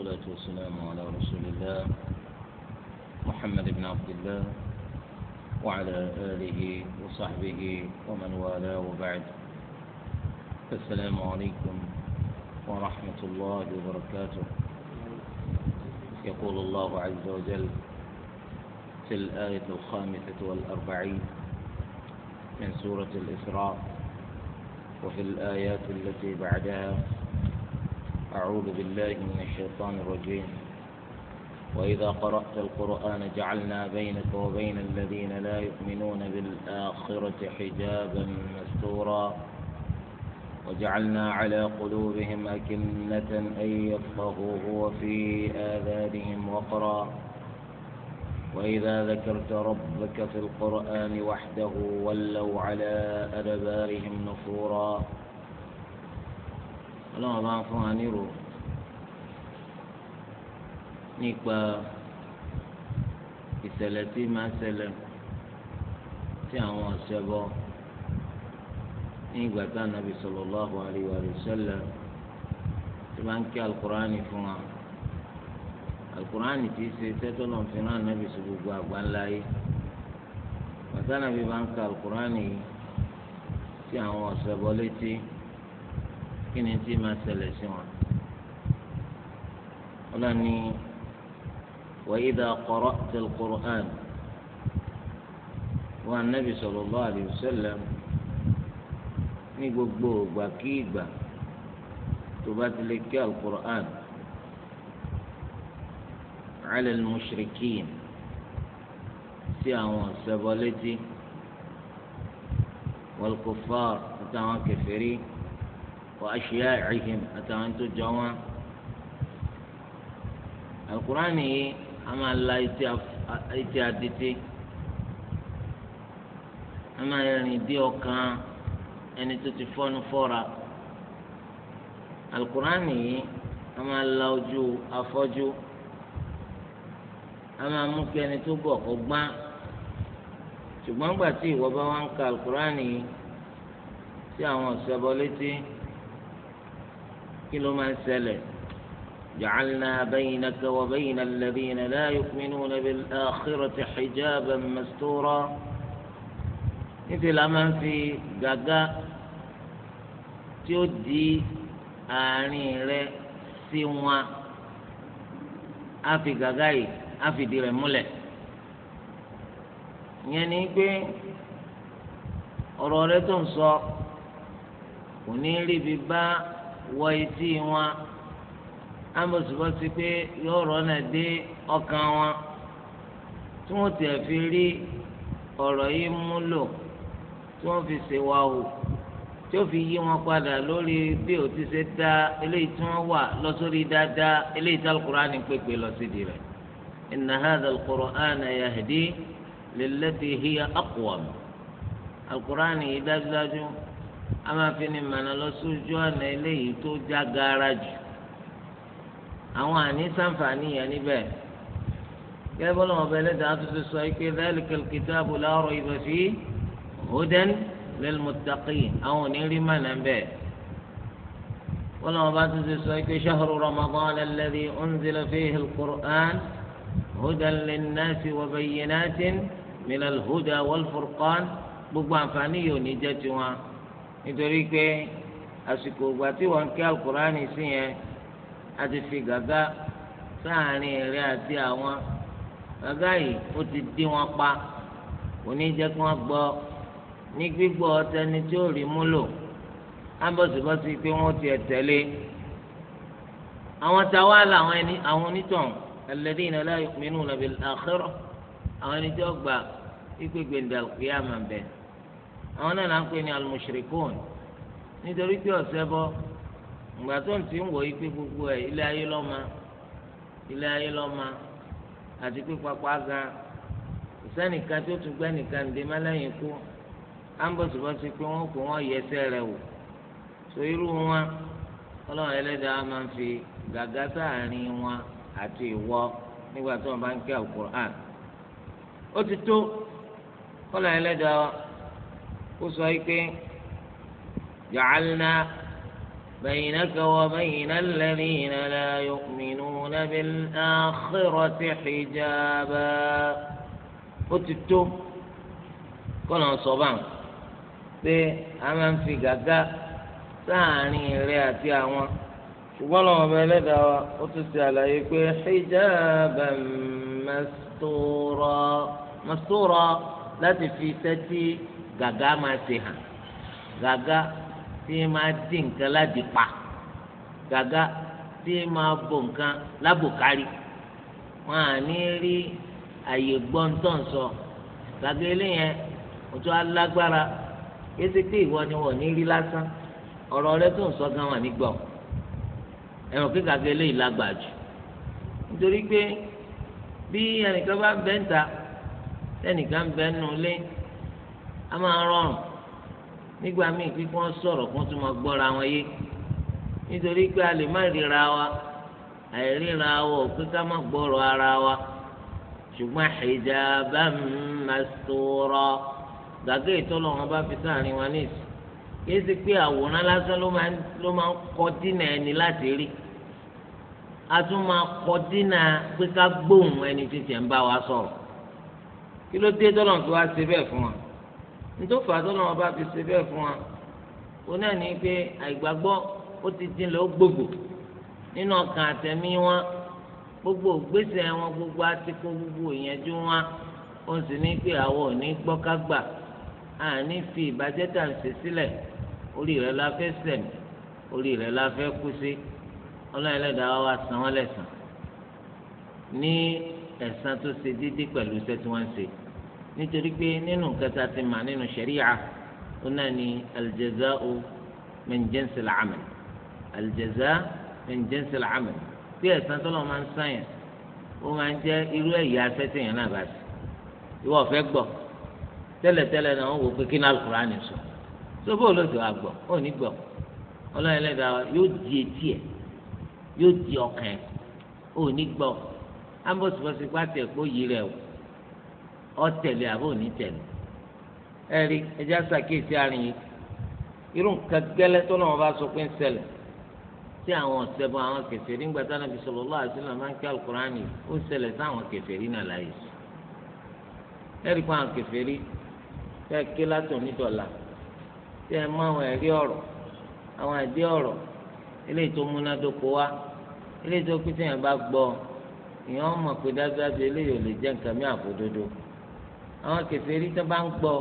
والصلاة والسلام على رسول الله محمد بن عبد الله وعلى آله وصحبه ومن والاه وبعد السلام عليكم ورحمة الله وبركاته يقول الله عز وجل في الآية الخامسة والأربعين من سورة الإسراء وفي الآيات التي بعدها أعوذ بالله من الشيطان الرجيم وإذا قرأت القرآن جعلنا بينك وبين الذين لا يؤمنون بالآخرة حجابا مستورا وجعلنا على قلوبهم أكنة أن يفقهوه وفي آذانهم وقرا وإذا ذكرت ربك في القرآن وحده ولوا على أدبارهم نفورا ọlọ́run bá ń fún wa nírò nípa ìṣẹ̀lẹ̀ tí máa ń ṣẹlẹ̀ tí àwọn ọ̀sẹ̀ bọ́ ní ìgbà tá ànábì sallallahu alaihi wa sallam tí máa ń kí alukur'ani fún wa alukur'ani ti ṣe tẹ́tọ́ lọ́n ànábì sí gbogbo àgbáńlá yìí bàtà ànábì bá ń ka alukur'ani tí àwọn ọ̀sẹ̀ bọ́ létí kí ni tí máa ṣẹlẹ̀ sí wọn. ọlọ́ni wàyídà kọ́rọ́ tẹlifùrọ̀ hàn wọn anábì sallallahu alaihi wasallam ní gbogbo ìgbà kí ìgbà tó bá ti lè kí alukur'an ala al-mushrikin sí àwọn ṣẹbọ létí wal kuffar àtàwọn kèfèrí. وأشياعهم أتمنى جوا القرآن أما الله يتعدتي أما يعني ديوكا ẹni tó ti fọ́nu fọ́ra alukurani yìí a máa la ojú afọ́jú a máa mú kí ẹni tó bọ̀ kó gbá ṣùgbọ́n gbà tí ìwọ bá wá ń ka alukurani yìí sí àwọn ọ̀sẹ̀bọ létí kí ló máa ń ṣẹlẹ̀ ja'alna baynaka wa bayna alladhina la yu'minuna bil akhirati hijaban mastura níṣẹ́ la máa ń fi gàgá tí ó di àárín rẹ sí wọn á fi gàgá yìí á fi di rẹ̀ múlẹ̀ ìyẹn ni pé ọ̀rọ̀ rẹ tó ń sọ kò ní rí bi bá. wọ etí wọn amọ̀sibọ́sí pé yóò rọ́nà dé ọkàn wọn tí wọ́n tiẹ̀ fi rí ọ̀rọ̀ yìí mú lò tí wọ́n fi ṣe wa o tí ó fi yí wọn padà lórí bí ó ti ṣe dá eléyìí tí wọ́n wà lọ dáadáa eléyìí tí al pépè lọ sí di rẹ̀ a máa fi ni màná lọ sójú ọ̀nà eléyìí tó já gaara jù àwọn àní sàǹfààní yẹn níbẹ̀ gẹ́gẹ́ bọ́lá wọn bẹ̀rẹ̀ dáa tó ti sọ pé zalikal kitabu la rayba fi hudan lil muttaqin àwọn òní rí màná bẹ́ẹ̀ bọ́lá wọn bá ti sọ pé shahru ramadan alladhi unzila fihi alqur'an hudan lin nasi wa bayyinatin min alhuda gbogbo àǹfààní yìí ní jẹ́ tiwọn nítorí pé àsìkò ìgbà tí wọ́n ń kí alukurani sí yẹn a ti fi gàgá sáàárín ẹ̀rẹ́ àti àwọn gàgá yìí ó ti dín wọn pa kò ní jẹ́ kí wọ́n gbọ́ ní gbígbọ́ tẹni tí ó rí múlò ábọ̀sibọ́sí pé wọ́n ti ẹ̀ tẹ̀lé àwọn táwa làwọn ẹni àwọn onítàn alladhina la yu'minuna bil akhirah àwọn ẹni tí wọ́n gbà ikú gbèǹdà kìí àmàbẹ̀ẹ́. àwọn náà na ń pè ní al-mushrikun nítorí pé ọ̀sẹ̀ bọ́ ìgbà tó ń ti ń wọ̀ yí gbogbo ẹ̀ ilé ayé lọ́ma ilé ayé lọ́ma àti pé papá ga ìsẹ́nìkan tó tún gbẹ́nìkan ǹdè mẹ́lẹ́yìn kú ámbọ̀sibọ́sí pé wọ́n kò wọ́n yẹ ẹsẹ̀ rẹ̀ wò so irú wọn ọlọ́run ẹlẹ́dàá máa ń fi gàgá sáàárín wọn àti ìwọ nígbà tí wọ́n bá ń kí ó sọ yìí pé ja'alna baynaka wa bayna alladhina la yu'minuna bil akhirati hijaba ó ti tó kọ́nà sọ báwọn pé a máa ń fi gàgá sáàárín rẹ àti àwọn ṣùgbọ́n lọ́wọ́ ọba ẹlẹ́dàá wa ó tún ti àlàyé pé hijaba mastura mastura láti fi sẹ́tí gàgá máa ṣe hàn gàgá tí máa dì nǹkan láti pa gàgá tí máa bò nǹkan lábòkárí wọn à ní rí àyè gbọ́ntọ̀nsọ gàgá eléyẹn òtún alágbára yéésì pé ìwọ ni wọn ò ní rí lásán ọ̀rọ̀ rẹ tó ń sọ gan wà nígbà ẹ̀wọ̀n kí gàgá eléyìí lágbàá jù nítorí pé bí ẹnìkan bá bẹ́ńta ẹnìkan bẹ́ńnu lé a máa rọrùn nígbà míì kí wọ́n sọ̀rọ̀ kí wọ́n tún máa gbọ́ra wọn yé nítorí pé a lè má ríra wa àìríra wa ò pé ká má gbọ́rọ̀ ara wa ṣùgbọ́n hijaban mastura gàgé ìtọ́lọ̀ wọn bá fi sáàrin wa ní ìsìn kí ẹ sì pé àwòrán lásán ló máa ń kọ dínà ẹni láti rí a tún máa kọ dínà pé ká gbóhùn ẹni títí ẹ̀ ń bá wa sọ̀rọ̀ kí ló dé tọ́lọ̀ tó wá ṣe bẹ́ẹ̀ fún wa nítòfà tó lọ́wọ́ bá fi ṣe bẹ́ẹ̀ fún wa ó náà ní pé àìgbàgbọ́ ó ti dín lọ gbogbo nínú ọkàn àtẹ̀mí wọn gbogbo gbèsè wọn gbogbo àtikó gbogbo ìyẹnjú wọn ó sì ní pé àwọn ò ní gbọ́ ká gbà á ní fi ìbàjẹ́ tà ń ṣe sílẹ̀ orí rẹ̀ la fẹ́ sẹ̀mí orí rẹ̀ la fẹ́ kú sí ọlọ́run ẹlẹ́dàá wa san wọ́n lẹ́sàn ní ẹ̀san tó ṣe dídí pẹ̀lú iṣẹ́ tí wọ́n ń ṣe nítorí pé nínú nǹkan tá a ti mà nínú ṣẹ̀ríà ó náà ní aljaza'u min jinsil amal aljaza'u min jinsil amal bí ẹ̀san tó lọ́ máa ń sànyàn ó máa ń jẹ́ irú ẹ̀yà asẹ́tì yẹn náà bá sí ìwọ ọ̀fẹ́ gbọ́ tẹ́lẹ̀tẹ́lẹ̀ náà wọ́n wò pé kí alukurani sọ tó bó wa gbọ́ ó ní gbọ́ ọlọ́run lẹ́dàá yóò di etí ẹ̀ yóò di ọkàn ẹ̀ ó ní gbọ́ ambosibosi pàtẹ́ kó yí rẹ̀ o ọtẹlẹ àbí òní tẹlẹ ẹrí ẹjẹ àṣàkíyèsí àárín yìí irú nǹkan gẹ́lẹ́ tó náà wọ́n bá sọ pé ń ṣẹlẹ̀ tí àwọn ọ̀sẹ̀bọ àwọn kèfèrí ń gbàtà nàbì sallallahu alaihi wasallam máa ń kí alukurani ó ṣẹlẹ̀ sáwọn kèfèrí náà láàyè ẹrí pa àwọn kèfèrí tẹ ké látò nídọ̀la tẹ mọ àwọn ẹ̀rí ọ̀rọ̀ àwọn ẹ̀dí ọ̀rọ̀ eléyìí tó múnádóko wá eléyìí tó pété yẹn bá gbọ́ ìyẹn ọmọ pé dájúdájú eléyìí ò lè jẹ́ nǹkan mí àfòdodo àwọn kèfèrí tó bá ń gbọ́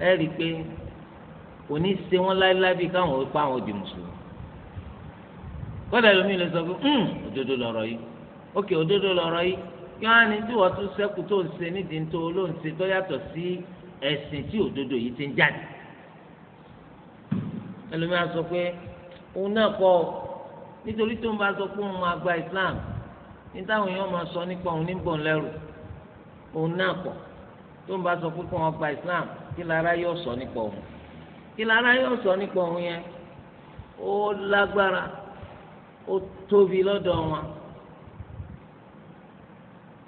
ẹ rí i pé kò ní í ṣe wọn láéláé bí káwọn ó pa àwọn òdì mùsùlùmí kódà lómi lè sọ pé hmm, òdodo lọ̀rọ̀ yìí ókè òdodo lọ̀rọ̀ yìí kí wọn á ní tí wọn tún ṣẹ́kù tó ń ṣe nídìí tó ló ń ṣe tó yàtọ̀ sí ẹ̀sìn tí òdodo yìí ti ń jáde ẹlòmíà sọ pé òun náà kọ nítorí tó ń bá sọ pé òun máa gba Islam ní táwọn èèyàn máa sọ nípa òun ní bọ̀ńlẹ́rù òun náà kọ̀ tó ń bá sọ pé kó wọn gba islam kí lara yóò sọ nípa òun kí lára yóò sọ nípa òun yẹn ó lágbára ó tóbi lọ́dọ̀ wọn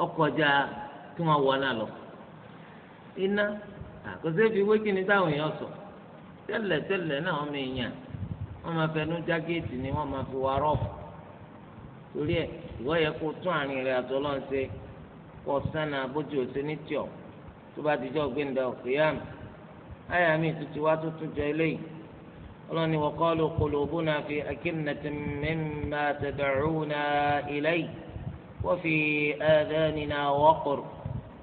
ọkọjà kí wọn wọ náà lọ iná àkọsẹ fi wé kí ni táwọn èèyàn sọ tẹ́lẹ̀ tẹ́lẹ̀ náà wọn èèyàn wọn máa fẹnu já ni wọn máa fi wá rọọfù torí yẹ kó tún àárín sánà bójú tó bá ti jọ gbẹ̀ndà òkèèyàn àyà mi tuntun wá tó tún jọ eléyìí ọlọ́ni wọ́n kọ́ ló kọ́ ló kolo bóna fi akínnàtì mímà tẹ̀dọ̀rúnà eléyìí wọ́n fi ẹ̀ẹ́dẹ́nìna wọ́kùrù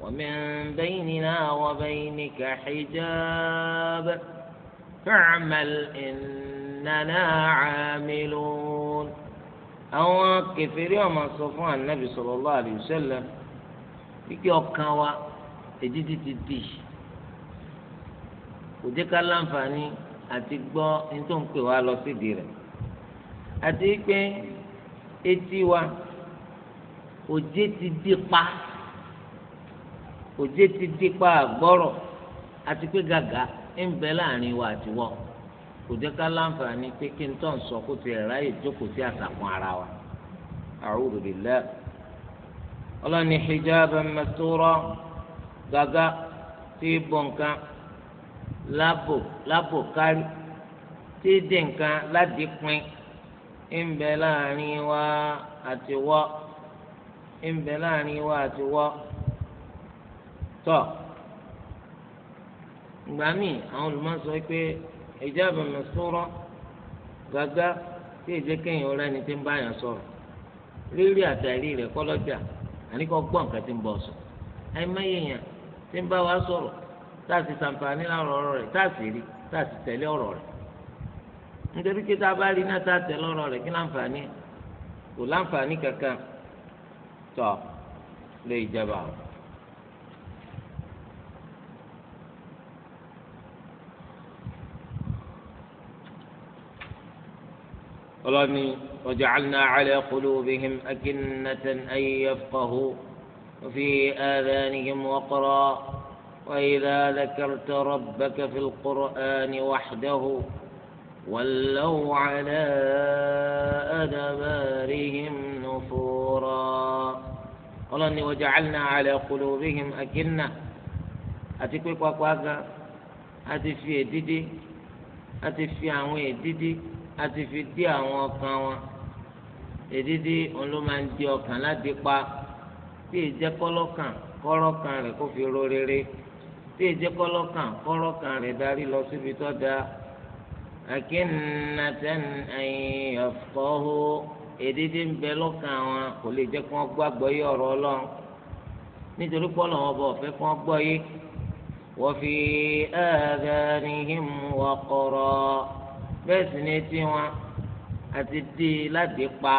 ومن بيننا وبينك حجاب فاعمل إننا عاملون àwọn kẹfìrí ọmọ sọ fún anabi sallallahu alayhi wa sallam wípé ọkàn wa èdìdì ti di kò jẹ́ ká láǹfààní àti gbọ́ nítorí ń pè lọ sídi rẹ̀ àti pé etí ti di pa òjé ti di pa àgbọ́rọ̀ àti pé gàgà ń bẹ láàrin wa àti wọ́ kò ká láǹfààní pé kí n tó ń sọ kó ti ẹ̀ ráyè jókòó sí àtàkùn ara wa ọlọ́ni gaga tí bọ̀ nǹkan lábò lábò kárí tí dì nǹkan láti pin ń bẹ láàrin wa àti wọ́ ń bẹ láàrin wa àti wọ́ tọ́ ìgbà míì àwọn olùmọ̀sọ pé ìjábọ̀ mẹ́sọ́rọ́ gàgà tí èdè kéèyàn ọ̀rẹ́ ni ti ń bá yàn sọ̀rọ̀ àtàrí rẹ̀ kọ́lọ́jà àníkọ́ ti ń bọ̀ sọ tí ń bá wa sọ̀rọ̀ tá a sì sàǹfààní lọ́rọ̀ ọ̀rọ̀ rẹ̀ tá a sì rí tá a sì tẹ̀lé ọ̀rọ̀ rẹ̀ nítorí pé tá a bá rí náà tá a tẹ̀lé ọ̀rọ̀ rẹ̀ kí láǹfààní kò láǹfààní kankan tọ̀ lè jẹba o. ọlọ́ni waja'alna ala qulubihim akinnatan an yafqahu. وفي آذانهم وقرا وإذا ذكرت ربك في القرآن وحده ولوا على أدبارهم نفورا ọlọ́ni وجعلنا على قلوبهم أكنة àti pé kwakwága àti fi èdídí àti fi àwọn èdídí àti fi dí àwọn ọkàn wọn èdídí òun ló máa ń di ọkàn láti pa tí èjẹ kọlọkàn kọrọkàn rẹ kó fi ro rere tí èjẹ kọlọkàn kọrọkàn rẹ darí lọ síbi tó da akínnatẹn ẹyìn ọfọwọ èdèdè ń bẹ lọ́kàn wọn kò lè jẹ kó wọn gbàgbọ́ yé ọ̀rọ̀ Ọlọ́run nítorí pọlọ wọn bọ ọfẹ kó wọn gbọ́ yé wọ́n fi ẹ̀ẹ́dẹ́rìhìm wọ́n kọ̀rọ̀ bẹ́ẹ̀ sì ni etí wọn àti dé ládìí pa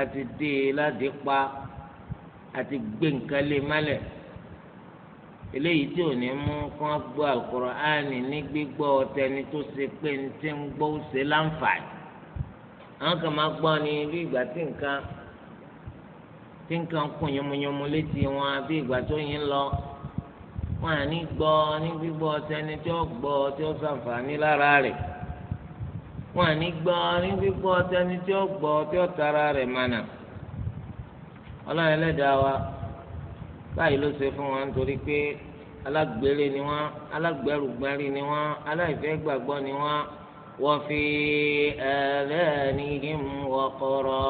àti dé ládìí pa àti gbé nǹkan lé málẹ̀ eléyìí tí ò ní mú kó wọn gbọ́ Al-Kùránì ní gbígbọ́ ọtẹni tó ṣe pé ní tí ń gbọ́ ó ṣe láǹfààní àwọn kan máa gbọ́ ni bí ìgbà tí nǹkan tí nǹkan kún yomoyomo létí wọn bí ìgbà tó yín lọ wọn à ní gbọ́ ní gbígbọ́ ọtẹni tí ó gbọ́ tí ó ṣàǹfààní lára rẹ̀ wọn à ní gbọ́ ní gbígbọ́ ọtẹni tí ó gbọ́ tí ó tara rẹ̀ mànà ọlọ́run ẹlẹ́dàá wa báyìí ló ṣe fún wa nítorí pé alágbèrè ni wọ́n alágbẹrùgbẹ́rì ni wọ́n aláìfẹ́ gbàgbọ́ ni wọ́n wọ́n fi adhanihim waqara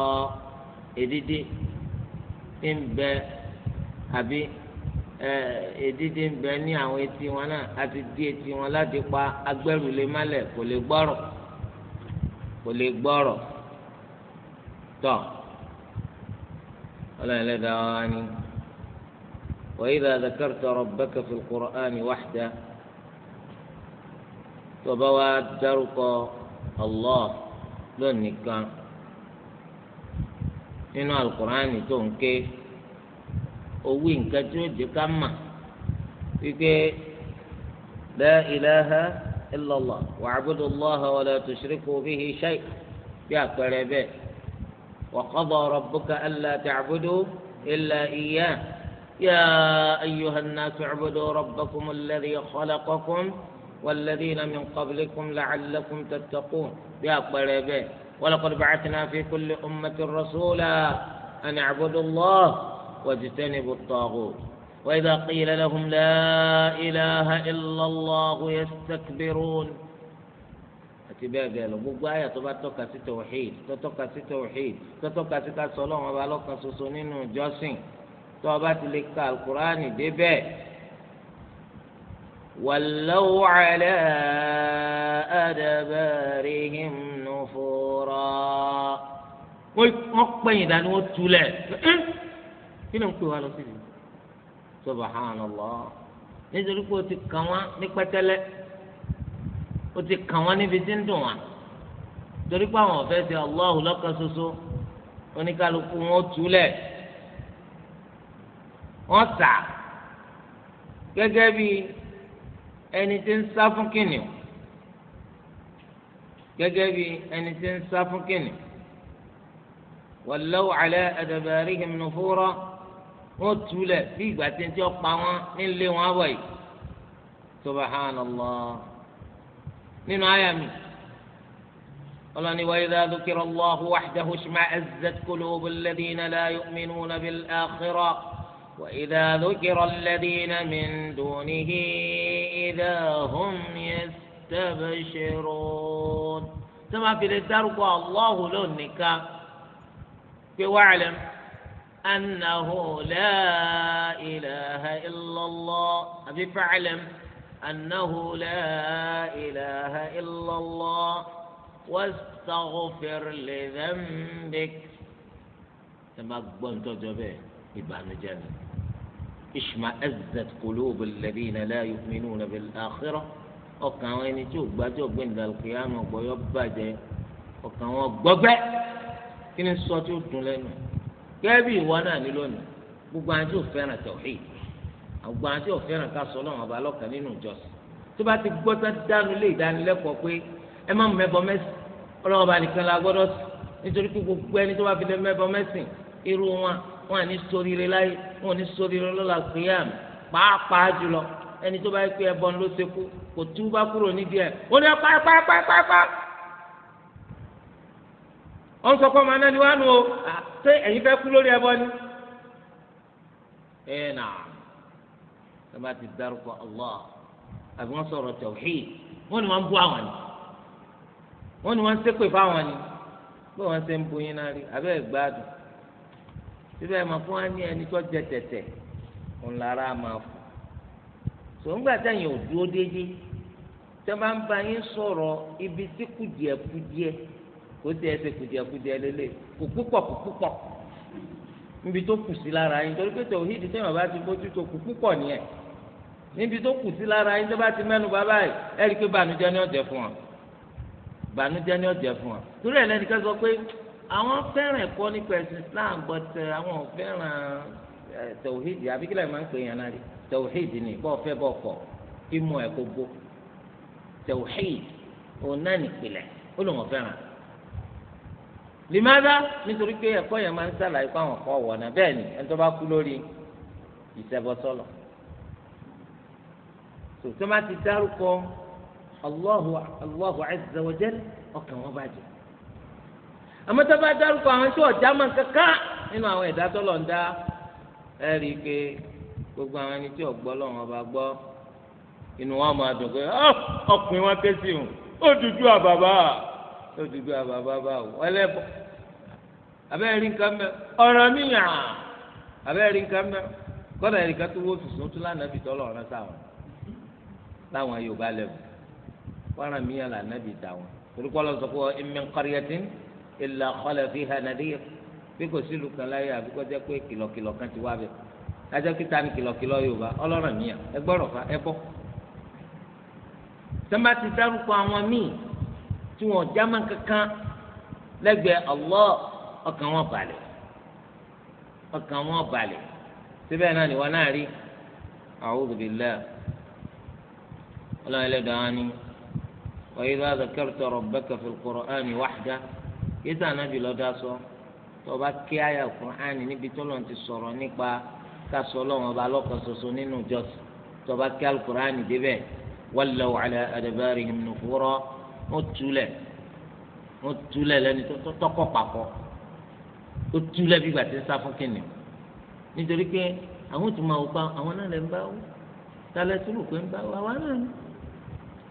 èdìdì ń bẹ àbí èdìdì ń bẹ ní àwọn etí wọn náà àti dí etí wọn láti pa agbẹ́rù lè málẹ̀ kò lè gbọ́rọ̀ kò lè gbọ́rọ̀ tọ́. So. ولا لدعاني وإذا ذكرت ربك في القرآن وحده وبوات درق الله لنك nínú alukur'ani tó ń ké owó nǹkan tí ó di ká mà wípé la ilaha illallah wa'budu allaha wa la tushriku bihi shay bí àpẹẹrẹ bẹ́ẹ̀ وقضى ربك ألا تعبدوا إلا إياه يا أيها الناس اعبدوا ربكم الذي خلقكم والذين من قبلكم لعلكم تتقون يا قريبين ولقد بعثنا في كل أمة رسولا أن اعبدوا الله واجتنبوا الطاغوت وإذا قيل لهم لا إله إلا الله يستكبرون àti bẹ́ẹ̀ bẹ́ẹ̀ lọ gbogbo àyà tó bá tọ́ka sí tawhid tó tọ́ka sí tawhid tó tọ́ka sí ká sọ ọlọ́run ọba lọ́kan ṣoṣo nínú ìjọsìn tó o bá ti lè ka alukur'ani débẹ̀. wàlọ́wọ́ àlẹ́ àdàbàrìhìm nufura. wọ́n pẹ̀yìn dání wọ́n túlẹ̀ kí ni n pè wá lọ sí ibi. subhanallah nítorí pé o ti kàn wá ní pẹ́tẹ́lẹ́ ó ti kàn wọ́n níbi tí ń dùn wọ́n torí pé àwọn ọ̀fẹ́ ṣe Allahu lọ́kàn ṣoṣo oníkálukú wọn túlẹ̀ wọ́n sà gẹ́gẹ́ bí ẹni tí ń sá fún kìnìún gẹ́gẹ́ bí ẹni tí ń sá fún kìnìún wallaw ala adbarihim nufura wọ́n túlẹ̀ bí ìgbà tí ń tí ó pa wọ́n nílé wọn wọ̀nyí subhanallah. nínú àyà mi ọlọ́ni wa idha dhukira Allahu wahdahu ishma'azzat qulubu alladhina la yu'minuna bil akhirah wa idha dhukira alladhina min dunihi idha hum yastabshirun. sọ́mà fìlẹ̀ dárúkọ Allahu lónìí ká pé wa'lam annahu la ilaha illallah àbí fa'lam. أنه لا إله إلا الله واستغفر لذنبك لما قلت جبه يبان جنة اشمأزت قلوب الذين لا يؤمنون بالآخرة ọkàn àwọn ẹni tí ò gbájọ gbẹ̀ǹdà kìyàmù ọgbọ́yọ́ bàjẹ́ ọkàn àwọn gbọ́gbẹ́ kí ni sọ tí ó dùn lẹ́nu gẹ́gẹ́ bí ìwọ náà ní lónìí gbogbo àwọn tí ò fẹ́ràn tẹ̀wéèdì àgbà àti ọ̀fẹ́ràn ká sọ lọ́wọ́n ọba lọ́kàn nínú ìjọsìn tó bá ti gbọ́ tá dánu lé ìdánilẹ́kọ̀ọ́ pé ẹ má mẹ́bọ mẹ́sìn ọlọ́wọ́n ọba nìkan la gbọ́dọ̀ sí nítorí pé gbogbo ẹni tó bá fi lé mẹ́bọ mẹ́sìn irú wọn wọn à ní ṣoríire láyé wọn ò ní ṣoríire lọ́la kìíyàm pàápàá jùlọ ẹni tó bá yẹ pé ẹbọ ló ṣe kò tú bá kúrò nídìí ẹ ó ní apá apá apá tó bá ti dárúkọ Allah àbí wọ́n sọ̀rọ̀ tawhid wọ́n ni wọ́n ń bú àwọn ni wọ́n ni wọ́n ń ṣépè fáwọn ni bí wọ́n ṣe ń bu yín náà rí abẹ́ ìgbádùn síbẹ̀ máa fún wa ní ẹni tó jẹ tẹ̀tẹ̀ òun lára máa fò sòǹgbà tẹ̀yìn ò dúró déédéé tẹ́ bá ń bá yín sọ̀rọ̀ ibi tí kùdìẹ̀kùdìẹ̀ kò tí ẹ ṣe kùdìẹ̀kùdìẹ̀ lélẹ̀ kò púpọ̀ kò púpọ̀ níbi tó kù sí lára yín torí pé tòhídìí tẹ́yìn ọba ti bójú tó kù púpọ̀ nìyẹn níbi tó kù sí lára yín tó bá ti mẹ́nu bàbá yìí ẹ rí i pé bànújẹ́ ni ọ̀jẹ̀ fún wa bànújẹ́ ni ọ̀jẹ̀ fún wa torí ẹ̀ lẹ́nu ká pé àwọn fẹ́ràn ẹ̀kọ́ nípa ẹ̀sìn Islam but àwọn fẹ́ràn tòwíìdì àbíkílẹ̀ máa ń pè yàn náà rí tòwíìdì ni bọ́ọ̀ fẹ́ bọ́ọ̀ kọ̀ kí mú ẹ̀ gbogbo tòwíìdì òun náà nìpìlẹ̀ ó lóun tó má ti dárúkọ Allahu Allahu azza wa jal ọkàn wọn bàjẹ́ àmọ́ bá dárúkọ àwọn tí máa nínú àwọn ẹ̀dá tó gbogbo àwọn ẹni tí ọ̀gbọ́ lọ́wọ́ bá gbọ́ inú wọn máa dùn pé ọkùnrin wọn ké sí òun ó dúdú àbàbà ó dúdú àbàbà abẹ́rẹ́ nǹkan mẹ́ ọ̀rọ̀ abẹ́rẹ́ nǹkan mẹ́ kọ́dà ẹ̀ríkà tó láwọn yorùbá lẹ́bù wàrà mìíràn là nàbì dà wọn torúkọ lọ sọ pé in min qaryatin illa khala fiha nadhir bí kò sílùú kan láyé àbí kò jẹ́ pé kìlọ̀kìlọ̀ kan ti wá bẹ̀ ajọ́ kíta ni kìlọ̀kìlọ̀ yorùbá ọlọ́rọ̀ mìíràn ẹ gbọ́rọ̀ fa ẹ bọ́ sọ́mbà ti dárúkọ àwọn míì tí wọ́n jámà kankan lẹ́gbẹ̀ẹ́ Allah ọkàn wọn balẹ̀ ọkàn wọn balẹ̀ síbẹ̀ náà ni wọn náà rí a'udhu billah ọlọ́run ẹlẹ́dàá ni wàyí bá zakarta rabbaka fil qur'ani wahda yíṣà nàbì lọ́dá sọ tó o bá ké àyà kùránì níbi tó lọ́n ti sọ̀rọ̀ nípa kásọ̀ ọlọ́run ọba lọ́kàn ṣoṣo nínú ìjọsìn tó o bá ké alukùránì débẹ̀ wallaw ala adbarihim nufura ó túlẹ̀ ó túlẹ̀ lẹ́ni tó tọ́kọ̀ pàpọ̀ ó túlẹ̀ bí gbàtí ń sá fún kìnìún nítorí pé àwọn tó máa wò pa àwọn náà lè ń bá wò tálẹ́ tó lù pé ń bá wò àwa náà ni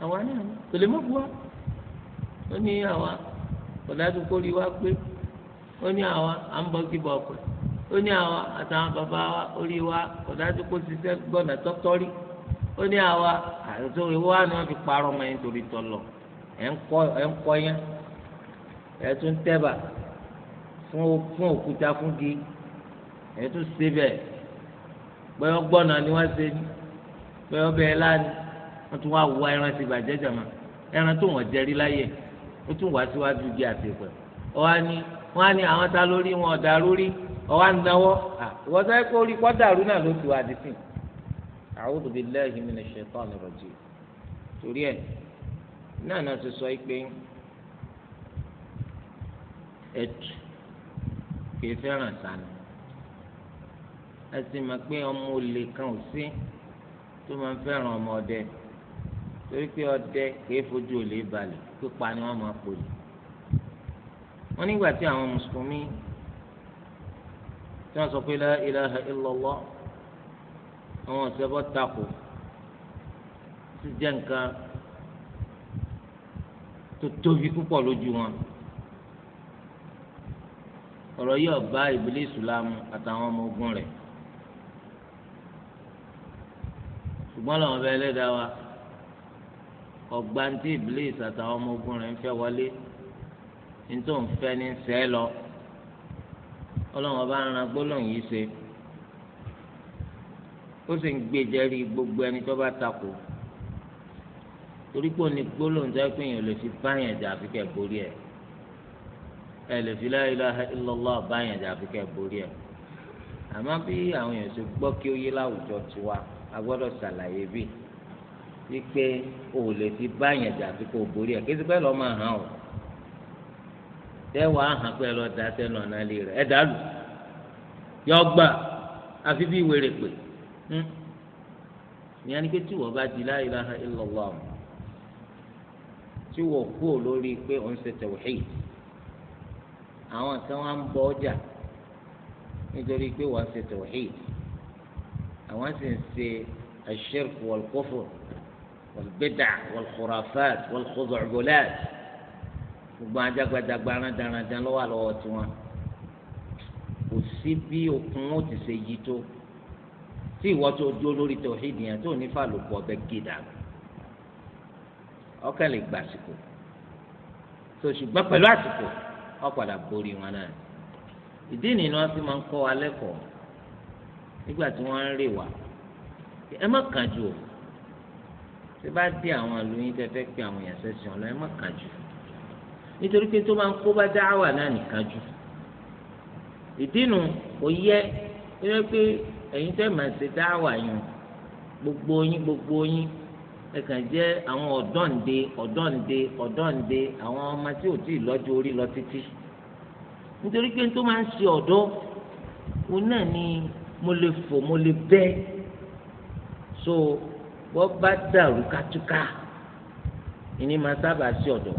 àwa ni kò lè má bu wa ó ní àwa kò dájú kó rí wa pé ó ní àwa à ń bọ́ kí bọ̀ ọ̀pẹ ó ní àwa àtàwọn bàbá wa orí wa kò dájú kó ṣiṣẹ́ gbọ́nà tọ́tọ́ rí ó ní àwa àtúntò ìwọ́ àná fi parọ́ ọmọ yẹn torí tọ̀lọ̀ ẹ̀ ń kọ́ yẹn ẹ̀ tún tẹ́bà fún òkúta fún gi ẹ̀ tún ṣe bẹ́ẹ̀ ni wọ́n ṣe ní bẹ́ẹ̀ ọbẹ̀ wọ́n tún wá wá ẹran sí ìbàjẹ́ jàmá ẹran tó wọ́n jẹrí láyè ó tún wá síwájú di àtẹ̀pẹ̀ ọ̀wá ni wọ́n á ní àwọn ta lórí wọn ọ̀dà lórí ọ̀wá ń náwó ìwọ́n sáré kó rí kọ́dàrú náà ló ti wá di sìn. a'udhu billahi minash shaitani rajim torí ẹ̀ náà náà ti sọ pé ẹ̀tù kìí fẹ́ràn sànù ẹ sì mọ̀ pé ọmọ olè kan ò sí tó máa ń fẹ́ràn ọmọ ọdẹ torí pé ọdẹ kìí fojú olè balẹ̀ pípa ni wọ́n máa poli wọ́n nígbà tí àwọn mùsùlùmí tí wọ́n sọ pé ilaha illallah àwọn ọ̀sẹ̀bọ̀ takò sì jẹ́ nǹkan tó tóbi púpọ̀ lójú wọn ọ̀rọ̀ yìí ọba ìbílẹ̀ ìsúlámù àtàwọn ọmọ ogun rẹ̀ ṣùgbọ́n làwọn bẹ ẹlẹ́dàá wa ọgbà ntí iblis àtàwọn ọmọ ogun rẹ̀ ń fẹ́ wọlé nítorí òun fẹ́ ní sẹ́ lọ ọlọ́run ọba ń ran gbólóhùn yìí ṣe ó sì ń gbèjẹ́rí gbogbo ẹni tó bá takò torí pé òní gbólóhùn tó pé èèyàn lè fi báyàn jà àfi borí ẹ̀ ẹ lè fi la ilaha illallah báyàn jà borí ẹ̀ àmọ́ bí àwọn èèyàn ṣe gbọ́ kí ó yé láwùjọ tiwa a ṣàlàyé bíi wípé o ò lè fi báyàn jà fi kò borí ẹ kéde pẹ́ lọ́ọ́ máa hàn ọ́ tẹ́wàá hàn pé ẹ lọ́ọ́ da sẹ́nu ọ̀nà ilé rẹ̀ ẹ dàlù yọ gbà àfi bí wèrè pè hmm? ìyẹn ni pé tí wọ́n bá di la ilaha illallah tí wọ́n kú lórí pé òun ṣe tawhid àwọn kan wá ń bọ́ ọjà nítorí pé wọ́n ṣe tawhid àwọn sì ń ṣe ash-shirk wal والبدع والخرافات والخزعبلات gbogbo ajagbadagba arandarandan ló wà lọ́wọ́ tiwọn kò sí bí okun ó ti ṣe yí tó tí ìwọ tó dúró lórí tòhídì yẹn tó ní fàlùkù ọbẹ gèdà ọkàn lè gbà àsìkò tó ṣùgbọ́n pẹ̀lú àsìkò ó padà borí wọn náà ìdí nìyí ni wọ́n máa ń kọ́ wa lẹ́kọ̀ọ́ nígbà tí wọ́n ń rè wá ẹ má kánjú o tí bá dé àwọn àlóyún tẹ fẹ́ pe àwọn èèyàn sẹ́sìn ọ̀la ẹ má kàn jù nítorí pé tó máa ń kó bá dáhàwà náà nìkan jù ìdínú kò yẹ ẹ pé ẹ̀yin tẹ́ máa ṣe dáhàwà yẹn gbogbo yín gbogbo yín ẹ kàn jẹ́ àwọn ọ̀dọ́ǹde ọ̀dọ́ǹde ọ̀dọ́ǹde àwọn ọmọ tí ò tíì lọ́jọ́ orí lọ títí nítorí pé tó máa ń ṣe ọ̀dọ́ òun náà ni mo lè fò mo lè bẹ́ so bọ́ bá dàrú kátúká ìní máa sábà sí ọ̀dọ̀